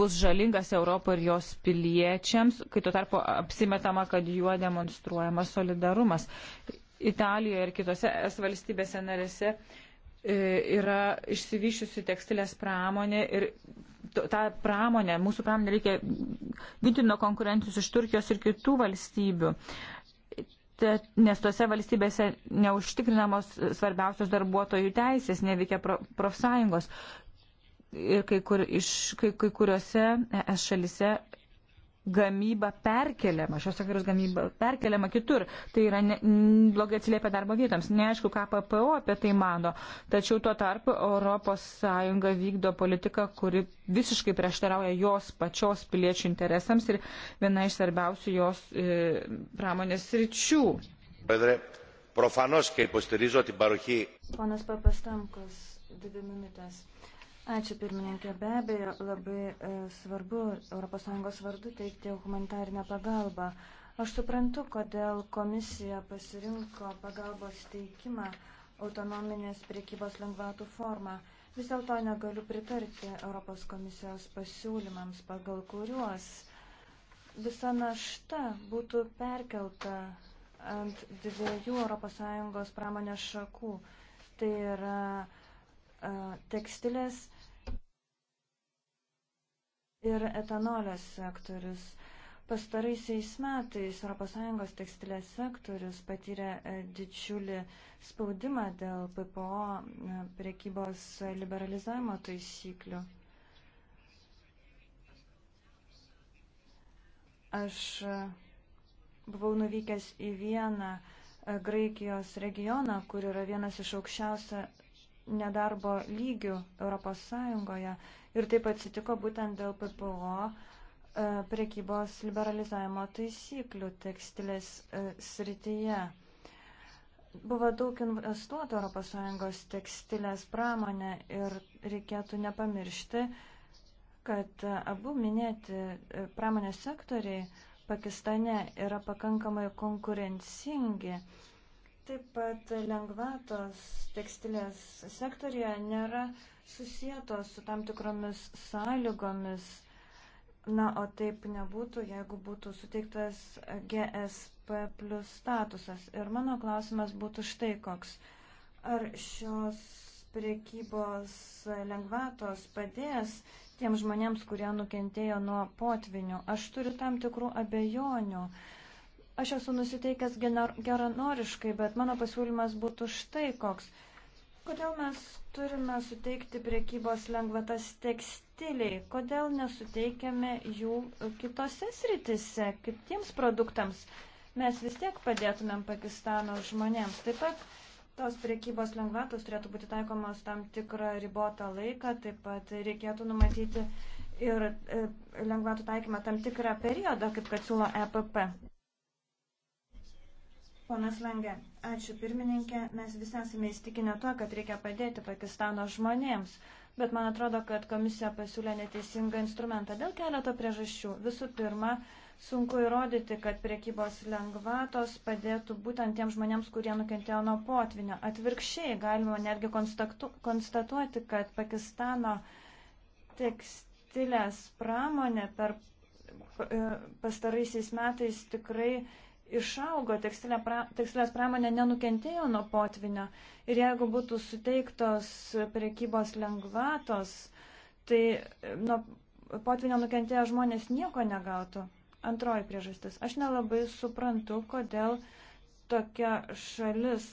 bus žalingas Europai ir jos piliečiams, kai tuo tarpu apsimetama, kad juo demonstruojamas solidarumas. Italijoje ir kitose es valstybėse narėse e, yra išsivyšiusi tekstilės pramonė ir tą pramonę, mūsų pramonę reikia ginti nuo konkurencijos iš Turkijos ir kitų valstybių. E, nes tuose valstybėse neužtikrinamos svarbiausios darbuotojų teisės, neveikia profsąjungos. Ir kai, kur, iš, kai, kai kuriuose es šalise gamyba perkeliama, šios sektoriaus gamyba perkeliama kitur. Tai yra ne, blogai atsiliepia darbo vietoms. Neaišku, ką PPO apie tai mano. Tačiau tuo tarpu ES vykdo politiką, kuri visiškai prieštarauja jos pačios piliečių interesams ir viena iš svarbiausių jos e, pramonės ryčių. Ponas Papastamkos, dvi minutės. Ačiū pirmininkė. Be abejo, labai e, svarbu ES vardu teikti humanitarinę pagalbą. Aš suprantu, kodėl komisija pasirinko pagalbos teikimą autonominės priekybos lengvatų formą. Vis dėlto negaliu pritarti Europos komisijos pasiūlymams, pagal kuriuos visa našta būtų perkelta ant dviejų ES pramonės šakų. Tai yra e, tekstilės ir etanolio sektorius. Pastaraisiais metais ES tekstilės sektorius patyrė e, didžiulį spaudimą dėl PPO e, priekybos liberalizavimo taisyklių. Aš e, buvau nuvykęs į vieną Graikijos regioną, kur yra vienas iš aukščiausia nedarbo lygių ES Ir taip atsitiko būtent dėl PPO e, prekybos liberalizavimo taisyklių tekstilės e, srityje. Buvo daug investuotų ES tekstilės pramonę ir reikėtų nepamiršti, kad e, abu minėti pramonės sektoriai Pakistane yra pakankamai konkurencingi. Taip pat lengvatos tekstilės sektorija nėra uh, susijėtos su tam tikromis sąlygomis. Na, o taip nebūtų, jeigu būtų suteiktas GSP plus statusas. Ir mano klausimas būtų štai koks. Ar šios priekybos lengvatos padės tiem žmonėms, kurie nukentėjo nuo potvinių? Aš turiu tam tikrų abejonių. Aš esu nusiteikęs geranoriškai, bet mano pasiūlymas būtų štai koks Kodėl mes turime suteikti priekybos lengvatas tekstiliai? Kodėl nesuteikiame jų kitose sritise, kitiems produktams? Mes vis tiek padėtumėm Pakistano žmonėms. Taip pat tos priekybos lengvatos turėtų būti taikomos tam tikrą ribotą laiką, taip pat reikėtų numatyti ir e, lengvatų taikymą tam tikrą periodą, kaip kad siūlo EPP. Ponas Lengė, ačiū pirmininkė. Mes visi esame įstikinę to, kad reikia padėti Pakistano žmonėms. Bet man atrodo, kad komisija pasiūlė neteisingą instrumentą dėl keleto priežasčių. Visų pirma, sunku įrodyti, kad priekybos lengvatos padėtų būtent tiems žmonėms, kurie nukentėjo nuo potvinio. Atvirkščiai galima netgi konstatuoti, kad Pakistano tekstilės pramonė per e, pastaraisiais metais tikrai išaugo, tekstilė pra, tekstilės pramonė nenukentėjo nuo potvinio. Ir jeigu būtų suteiktos prekybos lengvatos, tai nuo potvinio nukentėję žmonės nieko negautų. Antroji priežastis. Aš nelabai suprantu, kodėl tokia šalis,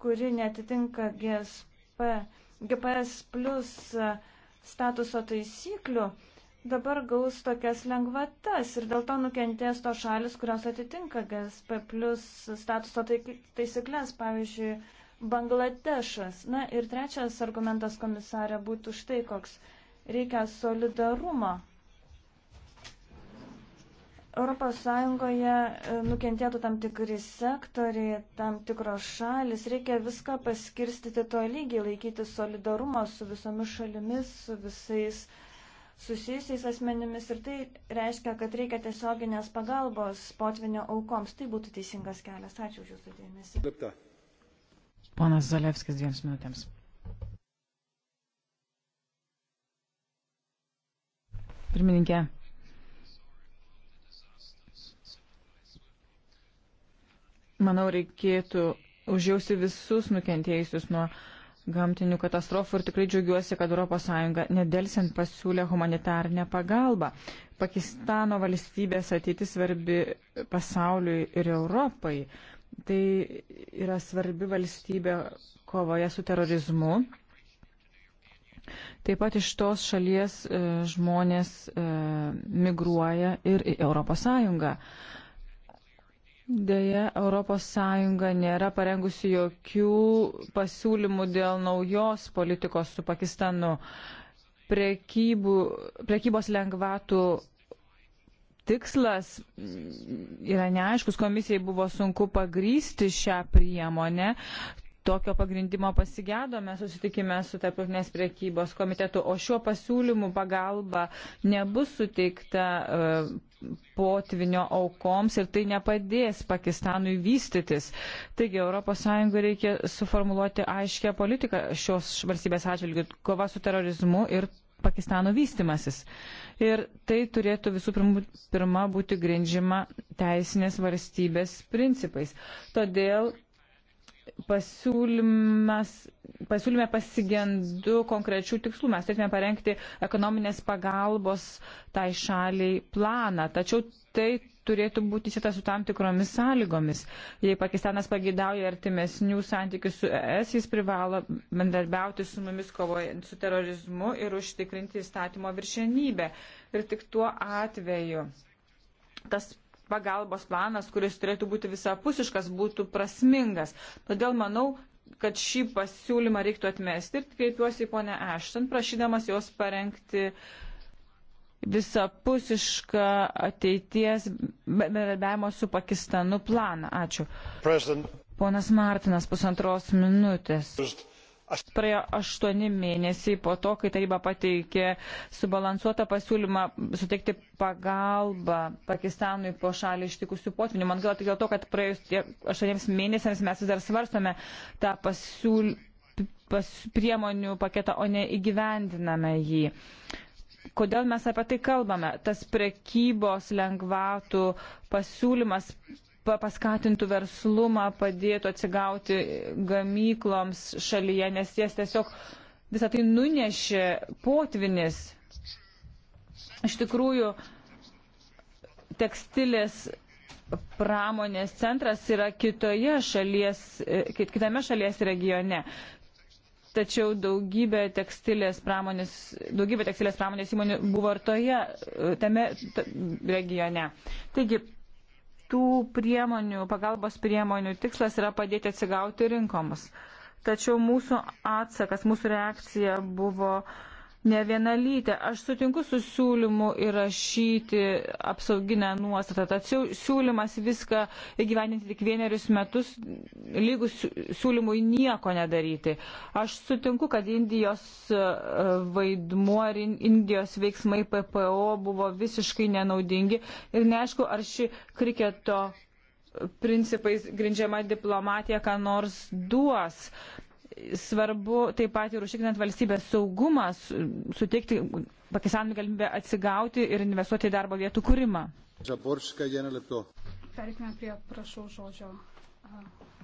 kuri netitinka GSP, GPS plus statuso taisyklių, uh, dabar gaus tokias lengvatas ir dėl to nukentės tos šalis, kurios atitinka GSP plus statuso taisyklės, pavyzdžiui, Bangladešas. Na ir trečias argumentas komisarė būtų štai koks. Reikia solidarumo. Europos Sąjungoje e, nukentėtų tam tikri sektoriai, tam tikros šalis, reikia viską paskirstyti to lygiai, laikyti solidarumo su visomis šalimis, su visais uh, susijusiais asmenimis ir tai reiškia, kad reikia tiesioginės pagalbos potvinio aukoms. Tai būtų teisingas kelias. Ačiū už jūsų dėmesį. Lipta. Ponas Zalevskis dviems minutėms. Pirmininkė. Manau, reikėtų užjausti visus nukentėjusius nuo uh, gamtinių katastrofų ir tikrai džiaugiuosi, kad ES nedelsiant pasiūlė humanitarnę pagalbą. Pakistano valstybės ateitis svarbi pasauliui ir Europai. Tai yra svarbi valstybė kovoje su terorizmu. Taip pat iš tos šalies e, žmonės e, migruoja ir į ES. Deja, ES nėra parengusi jokių pasiūlymų dėl naujos politikos su Pakistanu. Prekybų, prekybos lengvatų tikslas yra neaiškus, komisijai buvo sunku pagrysti šią priemonę. Tokio pagrindimo pasigėdome, susitikime su tarptautinės priekybos komitetu, o šiuo pasiūlymu pagalba nebus suteikta e, potvinio aukoms ir tai nepadės Pakistanui vystytis. Taigi ES reikia suformuluoti aiškę politiką šios valstybės atžvilgių - kova su terorizmu ir Pakistano vystimasis. Ir tai turėtų visų pirma būti grindžiama teisinės valstybės principais. Todėl pasiūlyme pasigendu konkrečių tikslų. Mes turėtume parengti ekonominės pagalbos tai šaliai planą, tačiau tai turėtų būti šita su tam tikromis sąlygomis. Jei Pakistanas pagidauja artimesnių santykių su ES, jis privalo bendarbiauti su mumis kovojant su terorizmu ir užtikrinti įstatymo viršenybę. Ir tik tuo atveju tas pagalbos planas, kuris turėtų būti visapusiškas, būtų prasmingas. Todėl manau, kad šį pasiūlymą reiktų atmesti ir kreipiuosi į ponę Ešton, prašydamas jos parengti visapusišką ateities bendradarbiavimo su Pakistanu planą. Ačiū. President. Ponas Martinas, pusantros minutės. President. Praėjo aštuoni mėnesiai po to, kai taryba pateikė subalansuotą pasiūlymą suteikti pagalbą Pakistanui po šalį ištikusių potvinių. Man gaila tik dėl to, kad praėjus aštuoniems mėnesiams mes vis dar svarstame tą pasiūl... pas... priemonių paketą, o ne įgyvendiname jį. Kodėl mes apie tai kalbame? Tas prekybos lengvatų pasiūlymas paskatintų verslumą, padėtų atsigauti gamykloms šalyje, nes jas tiesiog visą tai nunešė potvinis. Iš tikrųjų, tekstilės pramonės centras yra kitoje šalies, kitame šalies regione. Tačiau daugybė tekstilės pramonės, daugybė tekstilės pramonės įmonių buvo ir toje, tame regione. Taigi, tų priemonių, pagalbos priemonių tikslas yra padėti atsigauti rinkoms. Tačiau mūsų atsakas, mūsų reakcija buvo uh, ne vienalytė. Aš sutinku su siūlymu įrašyti apsauginę nuostatą, tačiau siūlymas viską įgyveninti tik vienerius metus, lygus siūlymui nieko nedaryti. Aš sutinku, kad Indijos e, vaidmuo ir Indijos veiksmai PPO buvo visiškai nenaudingi ir neaišku, ar ši kriketo principais grindžiama diplomatija ką nors duos svarbu taip pat ir užtikrinant valstybės saugumą, suteikti Pakistanui galimybę atsigauti ir investuoti į darbo vietų kūrimą. Perikime prie, prašau, žodžio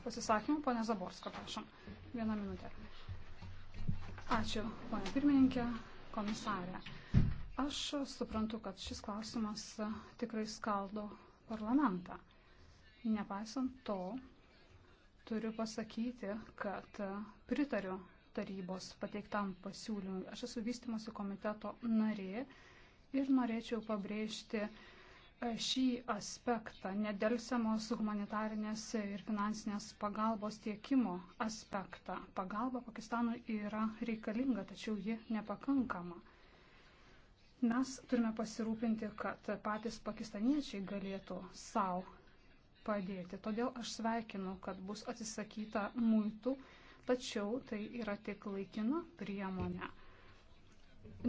pasisakymų. Pone Zaborska, prašom. Vieną minutę. Ačiū, pone pirmininkė, komisarė. Aš suprantu, kad šis klausimas tikrai skaldo parlamentą. Nepaisant to, turiu pasakyti, kad e, pritariu tarybos pateiktam pasiūlymui. Aš esu vystimosi komiteto narė ir norėčiau pabrėžti e, šį aspektą, nedelsiamos humanitarinės ir finansinės pagalbos tiekimo aspektą. Pagalba Pakistanui yra reikalinga, tačiau ji nepakankama. Mes turime pasirūpinti, kad patys pakistaniečiai galėtų savo padėti. Todėl aš sveikinu, kad bus atsisakyta muitų, tačiau tai yra tik laikina priemonė.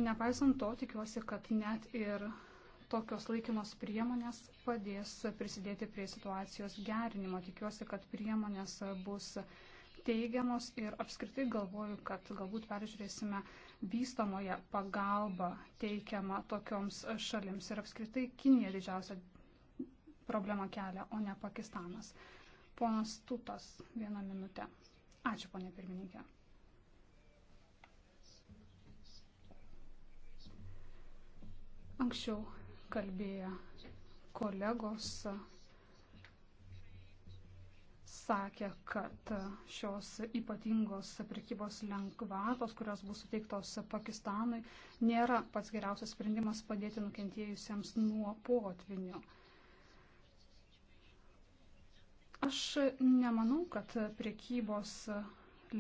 Nepaisant to, tikiuosi, kad net ir tokios laikinos priemonės padės prisidėti prie situacijos gerinimo. Tikiuosi, kad priemonės bus teigiamos ir apskritai galvoju, kad galbūt peržiūrėsime vystamoje pagalbą teikiamą tokioms šalims. Ir apskritai Kinija didžiausia problemą kelia, o ne Pakistanas. Ponas Tutas, vieną minutę. Ačiū, ponė pirmininkė. Anksčiau kalbėję kolegos sakė, kad šios ypatingos prekybos lengvatos, kurios bus suteiktos Pakistanui, nėra pats geriausias sprendimas padėti nukentėjusiems nuo potvinių. Aš nemanau, kad priekybos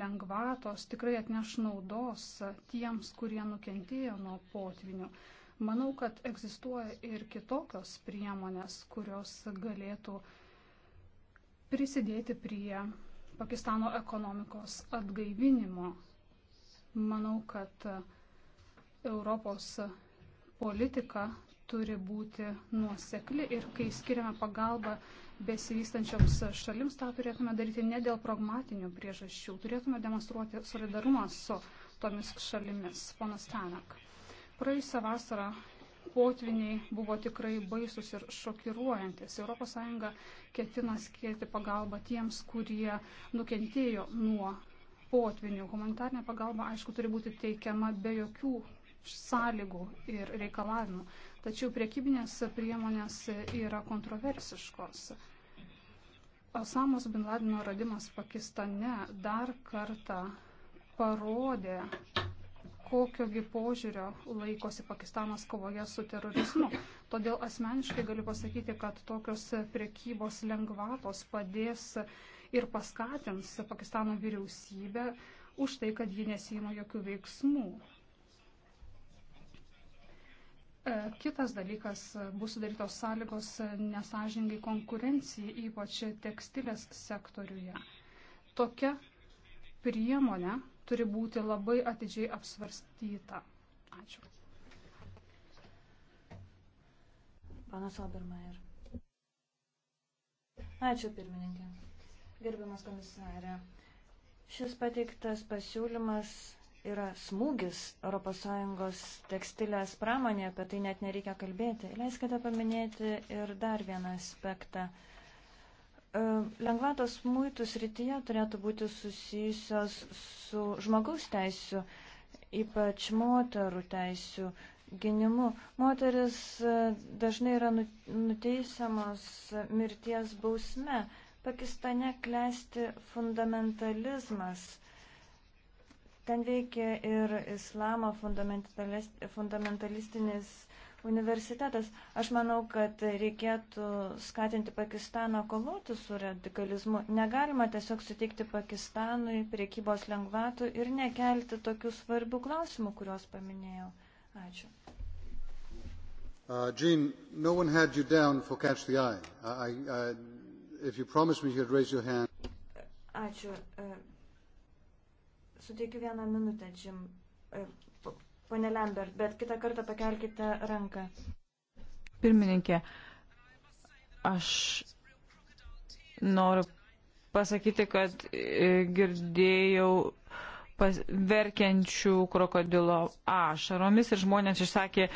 lengvatos tikrai atneš naudos tiems, kurie nukentėjo nuo potvinių. Manau, kad egzistuoja ir kitokios priemonės, kurios galėtų prisidėti prie Pakistano ekonomikos atgaivinimo. Manau, kad Europos politika turi būti nuosekli ir kai skiriame pagalbą besivystančioms šalims, tą turėtume daryti ne dėl pragmatinių priežasčių, turėtume demonstruoti solidarumą su tomis šalimis. Ponas Tanak. Praėjusią vasarą potviniai buvo tikrai baisus ir šokiruojantis. ES ketina skirti pagalbą tiems, kurie nukentėjo nuo potvinių. Humanitarinė pagalba, aišku, turi būti teikiama be jokių sąlygų ir reikalavimų. Tačiau priekybinės priemonės yra kontroversiškos. Osamos bin Ladino radimas Pakistane dar kartą parodė, kokiogi požiūrio laikosi Pakistanas kovoje su terorizmu. Todėl asmeniškai galiu pasakyti, kad tokios priekybos lengvatos padės ir paskatins Pakistano vyriausybę už tai, kad ji nesima jokių veiksmų. E, kitas dalykas e, bus sudarytos sąlygos e, nesažingai konkurencijai, ypač tekstilės sektoriuje. Tokia priemonė turi būti labai atidžiai apsvarstyta. Ačiū. Panas Obermeier. Ačiū pirmininkė. Gerbiamas komisarė. Šis pateiktas pasiūlymas yra smūgis ES tekstilės pramonė, apie tai net nereikia kalbėti. Leiskite paminėti ir dar vieną aspektą. E, lengvatos muitų srityje turėtų būti susijusios su žmogaus teisų, ypač moterų teisų gynimu. Moteris e, dažnai yra nu, nuteisiamos mirties bausme. Pakistane klesti fundamentalizmas Ten veikia ir islamo fundamentalistinis universitetas. Aš manau, kad reikėtų skatinti Pakistaną kovoti su radikalizmu. Negalima tiesiog suteikti Pakistanui priekybos lengvatų ir nekelti tokių svarbių klausimų, kuriuos paminėjau. Ačiū. Uh, Jean, no one had you down for catch the eye. I, I, if you promised me you'd raise your hand. Ačiū. Uh, suteikiu vieną minutę, Jim, e, ponė Lambert, bet kitą kartą pakelkite ranką. Pirmininkė, aš noriu pasakyti, kad e, girdėjau verkiančių krokodilo ašaromis ir žmonės išsakė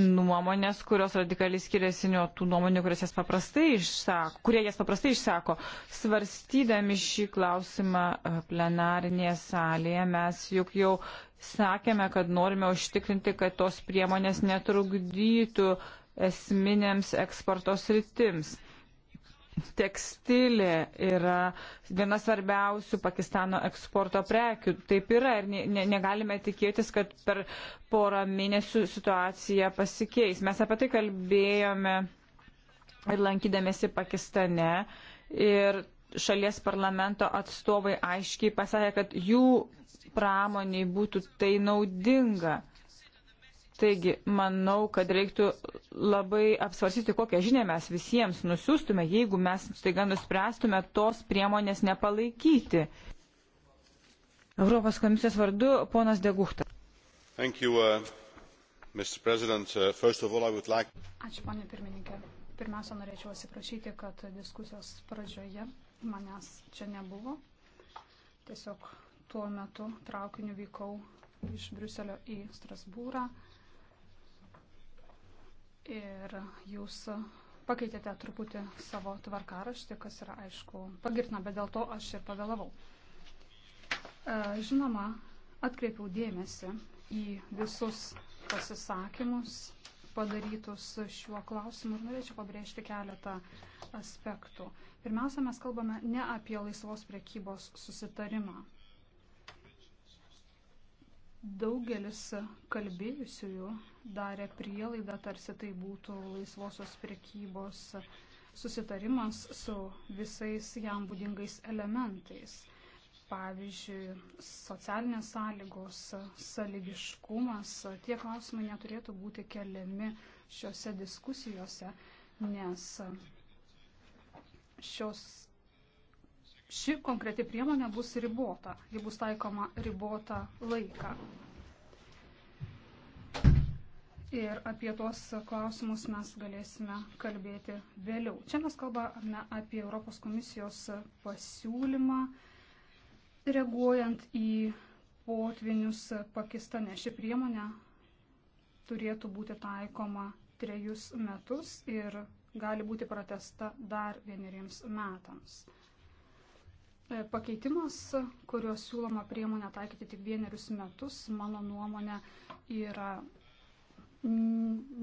nuomonės, kurios radikaliai skiriasi nuo tų nuomonių, jas išsako, kurie jas paprastai išsako. Svarstydami šį klausimą e, plenarinėje salėje mes juk jau sakėme, kad norime užtikrinti, kad tos priemonės netrukdytų esminėms eksporto sritims tekstilė yra viena svarbiausių Pakistano eksporto prekių. Taip yra ir ne, ne, negalime tikėtis, kad per porą mėnesių situacija pasikeis. Mes apie tai kalbėjome ir lankydamėsi Pakistane ir šalies parlamento atstovai aiškiai pasakė, kad jų pramoniai būtų tai naudinga. Taigi, manau, kad reiktų labai apsvarsyti, kokią žinę mes visiems nusiųstume, jeigu mes staiga nuspręstume tos priemonės nepalaikyti. Europos komisijos vardu ponas Deguchtas. Uh, uh, like... Ačiū, ponė pirmininkė. Pirmiausia, norėčiau atsiprašyti, kad diskusijos pradžioje manęs čia nebuvo. Tiesiog tuo metu traukiniu vykau iš Briuselio į Strasbūrą ir jūs pakeitėte truputį savo tvarkaraštį, kas yra aišku pagirtina, bet dėl to aš ir pavėlavau. E, žinoma, atkreipiau dėmesį į visus pasisakymus padarytus šiuo klausimu ir norėčiau pabrėžti keletą aspektų. Pirmiausia, mes kalbame ne apie laisvos priekybos susitarimą. Daugelis kalbėjusiųjų darė prielaidą, tarsi tai būtų laisvosios priekybos susitarimas su visais jam būdingais elementais. Pavyzdžiui, socialinės sąlygos, sąlygiškumas, tie klausimai neturėtų būti keliami šiuose diskusijose, nes šios Ši konkreti priemonė bus ribota, ji bus taikoma ribotą laiką. Ir apie tuos klausimus mes galėsime kalbėti vėliau. Čia mes kalbame apie Europos komisijos pasiūlymą reaguojant į potvinius Pakistane. Ši priemonė turėtų būti taikoma trejus metus ir gali būti pratesta dar vieneriems metams. E, pakeitimas, kuriuo siūloma priemonę taikyti tik vienerius metus, mano nuomonė yra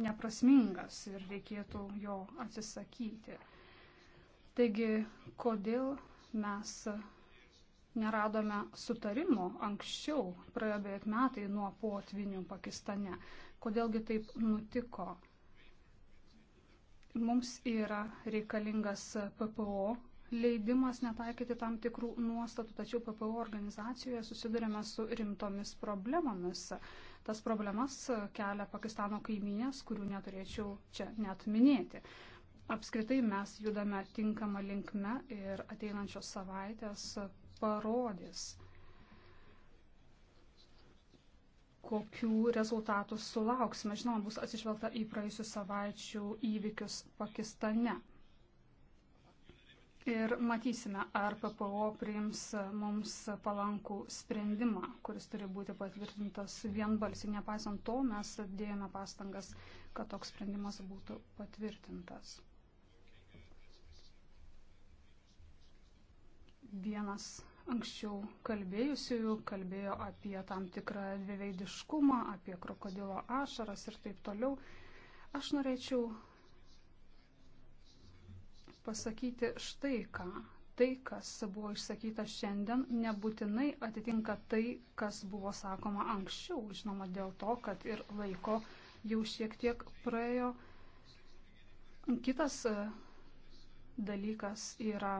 neprasmingas ir reikėtų jo atsisakyti. Taigi, kodėl mes neradome sutarimo anksčiau, praėjo beveik metai nuo potvinių Pakistane. Kodėlgi taip nutiko? Mums yra reikalingas PPO leidimas netaikyti tam tikrų nuostatų, tačiau PPO organizacijoje susidurėme su rimtomis problemomis. Tas problemas kelia Pakistano kaiminės, kurių neturėčiau čia net minėti. Apskritai mes judame tinkamą linkme ir ateinančios savaitės parodys, kokių rezultatų sulauksime. Žinoma, bus atsižvelgta į praėjusių savaičių įvykius Pakistane. Ir matysime, ar PPO priims mums palankų sprendimą, kuris turi būti patvirtintas vienbalsiai. Nepaisant to, mes dėjome pastangas, kad toks sprendimas būtų patvirtintas. Vienas anksčiau kalbėjusiųjų kalbėjo apie tam tikrą dviveidiškumą, apie krokodilo ašaras ir taip toliau. Aš norėčiau pasakyti štai ką. Tai, kas buvo išsakyta šiandien, nebūtinai atitinka tai, kas buvo sakoma anksčiau. Žinoma, dėl to, kad ir laiko jau šiek tiek praėjo. Kitas e, dalykas yra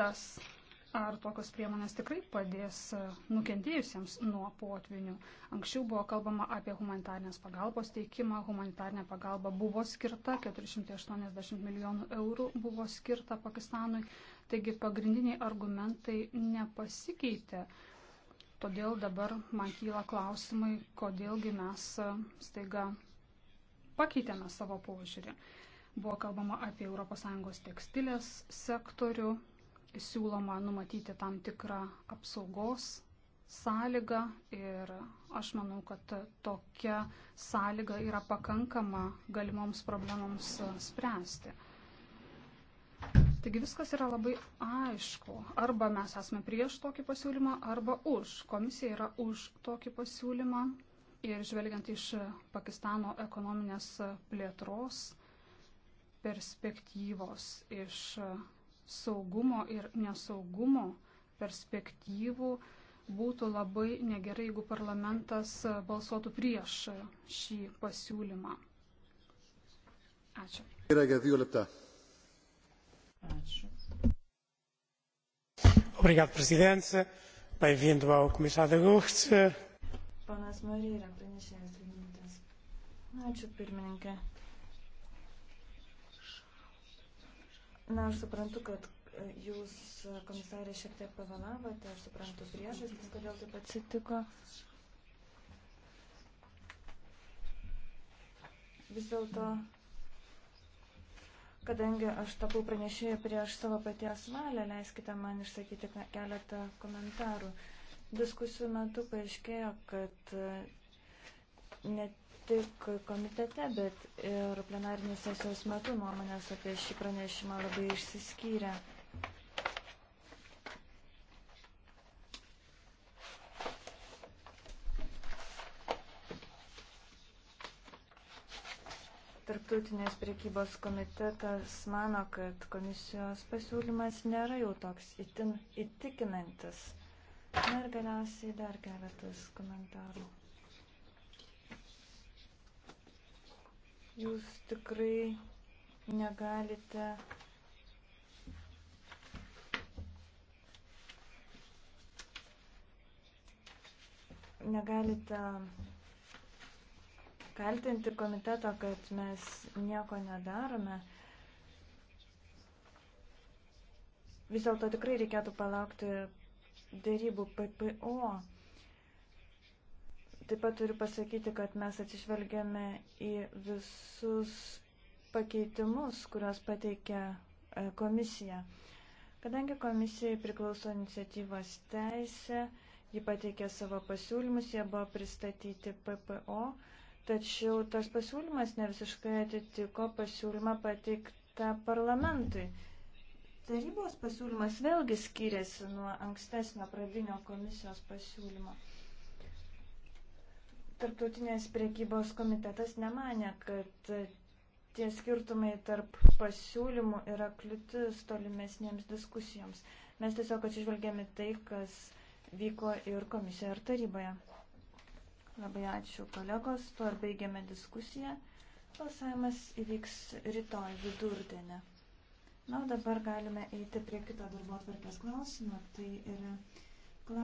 tas ar tokios priemonės tikrai padės e, nukentėjusiems nuo potvinių. Anksčiau buvo kalbama apie humanitarnės pagalbos teikimą, humanitarnė pagalba buvo skirta, 480 milijonų eurų buvo skirta Pakistanui, taigi pagrindiniai argumentai nepasikeitė. Todėl dabar man kyla klausimai, kodėlgi mes e, staiga pakeitėme savo požiūrį. Buvo kalbama apie ES tekstilės sektorių, siūloma numatyti tam tikrą apsaugos sąlygą ir aš manau, kad tokia sąlyga yra pakankama galimoms problemams spręsti. Taigi viskas yra labai aišku. Arba mes esame prieš tokį pasiūlymą, arba už. Komisija yra už tokį pasiūlymą. Ir žvelgiant iš Pakistano ekonominės plėtros perspektyvos, iš saugumo ir nesaugumo perspektyvų, būtų labai negerai, jeigu parlamentas e, balsuotų prieš šį pasiūlymą. Ačiū. Ačiū. Obrigado, Presidente. Bem-vindo ao Comissário de Gucht. Ponas Marija, pranešėjas, Ačiū, pirmininkė. Na, aš suprantu, kad e, jūs, e, komisarė, šiek tiek pavėlavote, aš suprantu priežastis, kodėl taip atsitiko. Vis dėlto, kadangi aš tapau pranešėję prieš savo paties valią, leiskite man išsakyti keletą komentarų. Diskusijų metu paaiškėjo, kad e, net tik komitete, bet ir plenarnės sesijos metu nuomonės apie šį pranešimą labai išsiskyrė. Tarptautinės priekybos komitetas mano, kad komisijos pasiūlymas nėra jau toks itin įtikinantis. Na ir galiausiai dar keletas komentarų. Jūs tikrai negalite negalite kaltinti komiteto, kad mes nieko nedarome. Vis dėlto tikrai reikėtų palaukti dėrybų PPO. Taip pat turiu pasakyti, kad mes atsižvelgiame į visus pakeitimus, kuriuos pateikia e, komisija. Kadangi komisijai priklauso iniciatyvos teisė, ji pateikė savo pasiūlymus, jie buvo pristatyti PPO, tačiau tas pasiūlymas ne visiškai atitiko pasiūlymą pateiktą parlamentui. Tarybos pasiūlymas vėlgi skiriasi nuo ankstesnio pradinio komisijos pasiūlymo. Tarptautinės priekybos komitetas nemanė, kad tie skirtumai tarp pasiūlymų yra kliūtis tolimesniems diskusijoms. Mes tiesiog atsižvelgėme tai, kas vyko ir komisijoje ir taryboje. Labai ačiū kolegos, tuo ir baigėme diskusiją. Balsavimas įvyks rytoj vidurdienį. Na, o dabar galime eiti prie kito darbo atvarkės klausimo. Tai yra